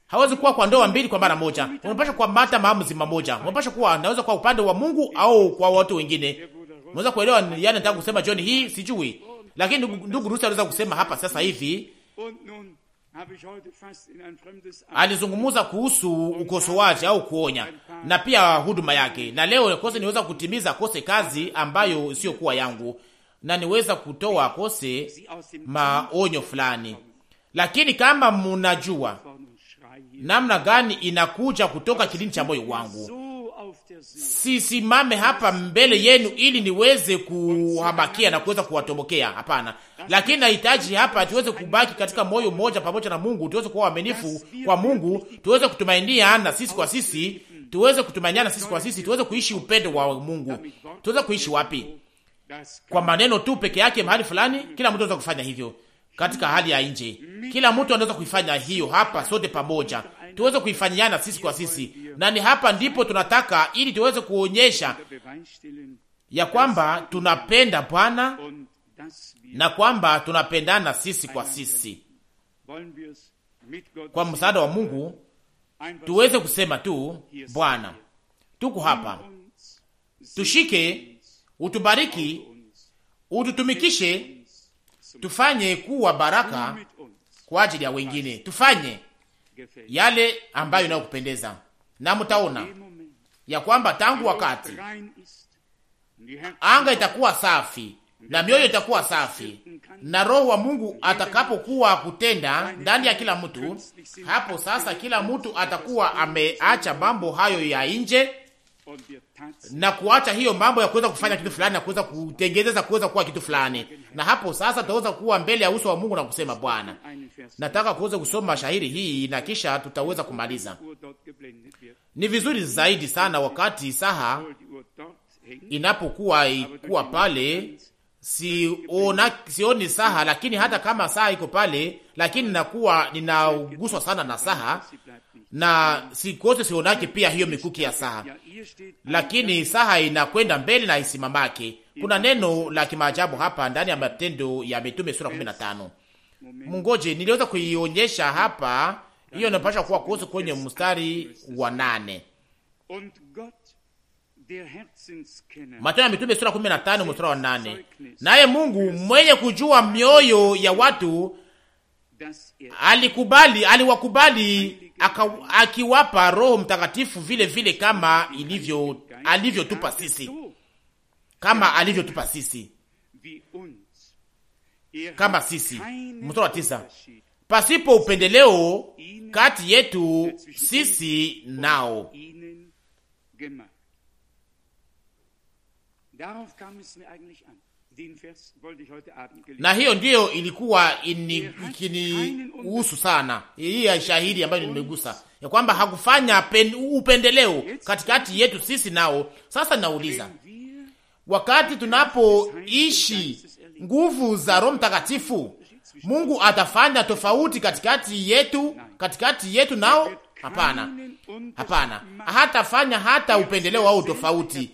hawezi kuwa kwa ndoa mbili kwa mara moja. Unapaswa kuwa mata maamuzi mmoja, unapaswa kuwa naweza kuwa upande wa Mungu au kwa watu wengine. Unaweza kuelewa yani nataka kusema John hii sijui, lakini ndugu Rusi anaweza kusema hapa sasa hivi alizungumza kuhusu ukosoaji au kuonya na pia huduma yake, na leo kose niweza kutimiza kose kazi ambayo sio kuwa yangu na niweza kutoa kose maonyo fulani, lakini kama munajua namna gani inakuja kutoka kilindi cha moyo wangu, sisimame hapa mbele yenu ili niweze kuhamakia na kuweza kuwatomokea. Hapana, lakini nahitaji hapa tuweze kubaki katika moyo mmoja pamoja na Mungu, tuweze kuwa waaminifu kwa Mungu, tuweze kutumainiana sisi kwa sisi, tuweze kutumainiana sisi kwa sisi, tuweze kuishi upendo wa Mungu. Tuweze kuishi wapi? kwa maneno tu peke yake mahali fulani. Kila mtu anaweza kufanya hivyo katika hali ya nje, kila mtu anaweza kuifanya hiyo. Hapa sote pamoja tuweze kuifanyiana sisi kwa sisi, na ni hapa ndipo tunataka, ili tuweze kuonyesha ya kwamba tunapenda Bwana na kwamba tunapendana sisi kwa sisi. Kwa msaada wa Mungu tuweze kusema tu, Bwana, tuko hapa, tushike utubariki, ututumikishe, tufanye kuwa baraka kwa ajili ya wengine, tufanye yale ambayo inayokupendeza, na mtaona ya kwamba tangu wakati anga itakuwa safi na mioyo itakuwa safi na Roho wa Mungu atakapokuwa kutenda ndani ya kila mtu, hapo sasa kila mtu atakuwa ameacha mambo hayo ya nje na kuacha hiyo mambo ya kuweza kufanya kitu fulani na kuweza kutengeneza kuweza kuwa kitu fulani, na hapo sasa tutaweza kuwa mbele ya uso wa Mungu na kusema Bwana, nataka kuweza kusoma shahiri hii na kisha tutaweza kumaliza. Ni vizuri zaidi sana wakati saha inapokuwa ikuwa pale, siona sioni saha, lakini hata kama saha iko pale, lakini nakuwa ninaguswa sana na saha na sikose sionake pia hiyo mikuki ya saha lakini saha inakwenda mbele na isimamake. Kuna neno la kimaajabu hapa ndani ya Matendo ya Mitume sura 15. Mungoje, niliweza kuionyesha hapa, hiyo inapasha kuwa kuhusu kwenye mstari wa nane. Matendo ya Mitume sura 15 mstari wa nane. Naye Mungu mwenye kujua mioyo ya watu alikubali, aliwakubali akiwapa Roho Mtakatifu vile vile kama ilivyo alivyotupa sisi, kama alivyotupa sisi, kama sisi. Mstari wa tisa, pasipo upendeleo kati yetu sisi nao. Darauf kam es mir eigentlich an na hiyo ndiyo ilikuwa er ikinihusu sana, hii ya shahidi ambayo nimegusa ya kwamba hakufanya pen, upendeleo katikati yetu sisi nao. Sasa nauliza wakati tunapoishi nguvu za Roho Mtakatifu, Mungu atafanya tofauti katikati yetu, katikati yetu nao? Hapana, hapana, hatafanya hata upendeleo au tofauti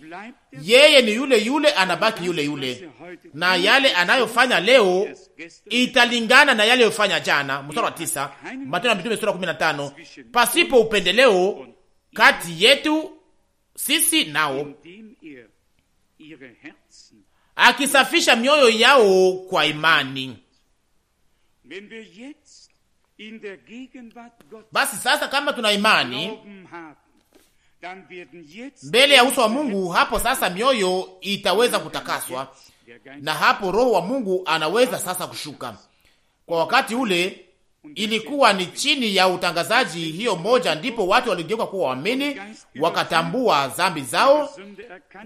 yeye ni yule yule, anabaki yule yule, na yale anayofanya leo italingana na yale aliyofanya jana. Mstari wa tisa, Matendo ya Mitume sura 15, pasipo upendeleo kati yetu sisi nao, akisafisha mioyo yao kwa imani. Basi sasa, kama tuna imani mbele ya uso wa Mungu. Hapo sasa mioyo itaweza kutakaswa, na hapo Roho wa Mungu anaweza sasa kushuka. Kwa wakati ule ilikuwa ni chini ya utangazaji hiyo moja, ndipo watu waligeuka kuwa waamini, wakatambua dhambi zao,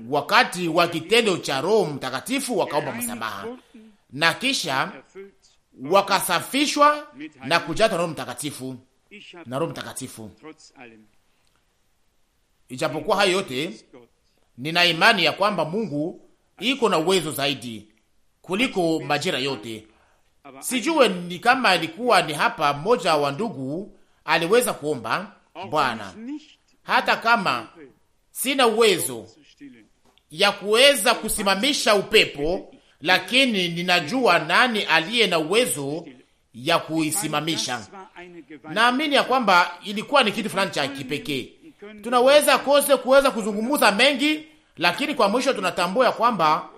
wakati wa kitendo cha Roho Mtakatifu wakaomba msamaha na kisha wakasafishwa na kujatwa Roho Mtakatifu na Roho Mtakatifu. Ijapokuwa hayo yote, nina imani ya kwamba Mungu iko na uwezo zaidi kuliko majira yote. Sijue ni kama ilikuwa ni hapa, mmoja wa ndugu aliweza kuomba Bwana, hata kama sina uwezo ya kuweza kusimamisha upepo, lakini ninajua nani aliye na uwezo ya kuisimamisha. Naamini ya kwamba ilikuwa ni kitu fulani cha kipekee Tunaweza kose kuweza kuzungumza mengi, lakini kwa mwisho tunatambua ya kwamba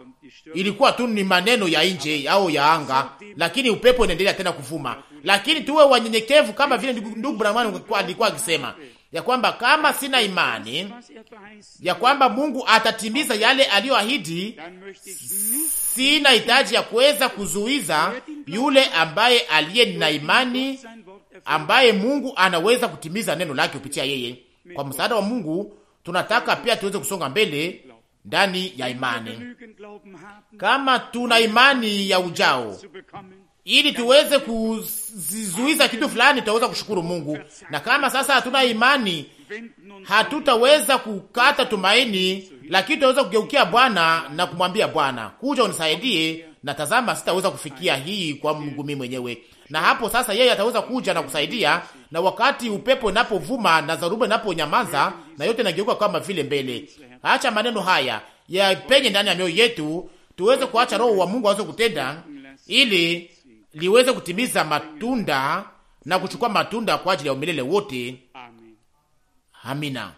ilikuwa tu ni maneno ya nje au ya anga, lakini upepo inaendelea tena kuvuma. Lakini tuwe wanyenyekevu kama vile ndugu Branham alikuwa akisema ya kwamba kama sina imani ya kwamba Mungu atatimiza yale aliyoahidi, sina hitaji ya kuweza kuzuiza yule ambaye aliye na imani, ambaye Mungu anaweza kutimiza neno lake kupitia yeye. Kwa msaada wa Mungu tunataka pia tuweze kusonga mbele ndani ya imani, kama tuna imani ya ujao, ili tuweze kuzizuiza kitu fulani, tutaweza kushukuru Mungu. Na kama sasa hatuna imani, hatutaweza kukata tumaini, lakini tutaweza kugeukia Bwana na kumwambia Bwana, kuja unisaidie, na tazama, sitaweza kufikia hii kwa Mungu mimi mwenyewe na hapo sasa yeye ataweza kuja na kusaidia, na wakati upepo inapovuma na dharuba inaponyamaza na yote inageuka kama vile mbele. Acha maneno haya yapenye ndani ya mioyo yetu, tuweze kuacha Roho wa Mungu aweze kutenda ili liweze kutimiza matunda na kuchukua matunda kwa ajili ya umilele wote. Amina.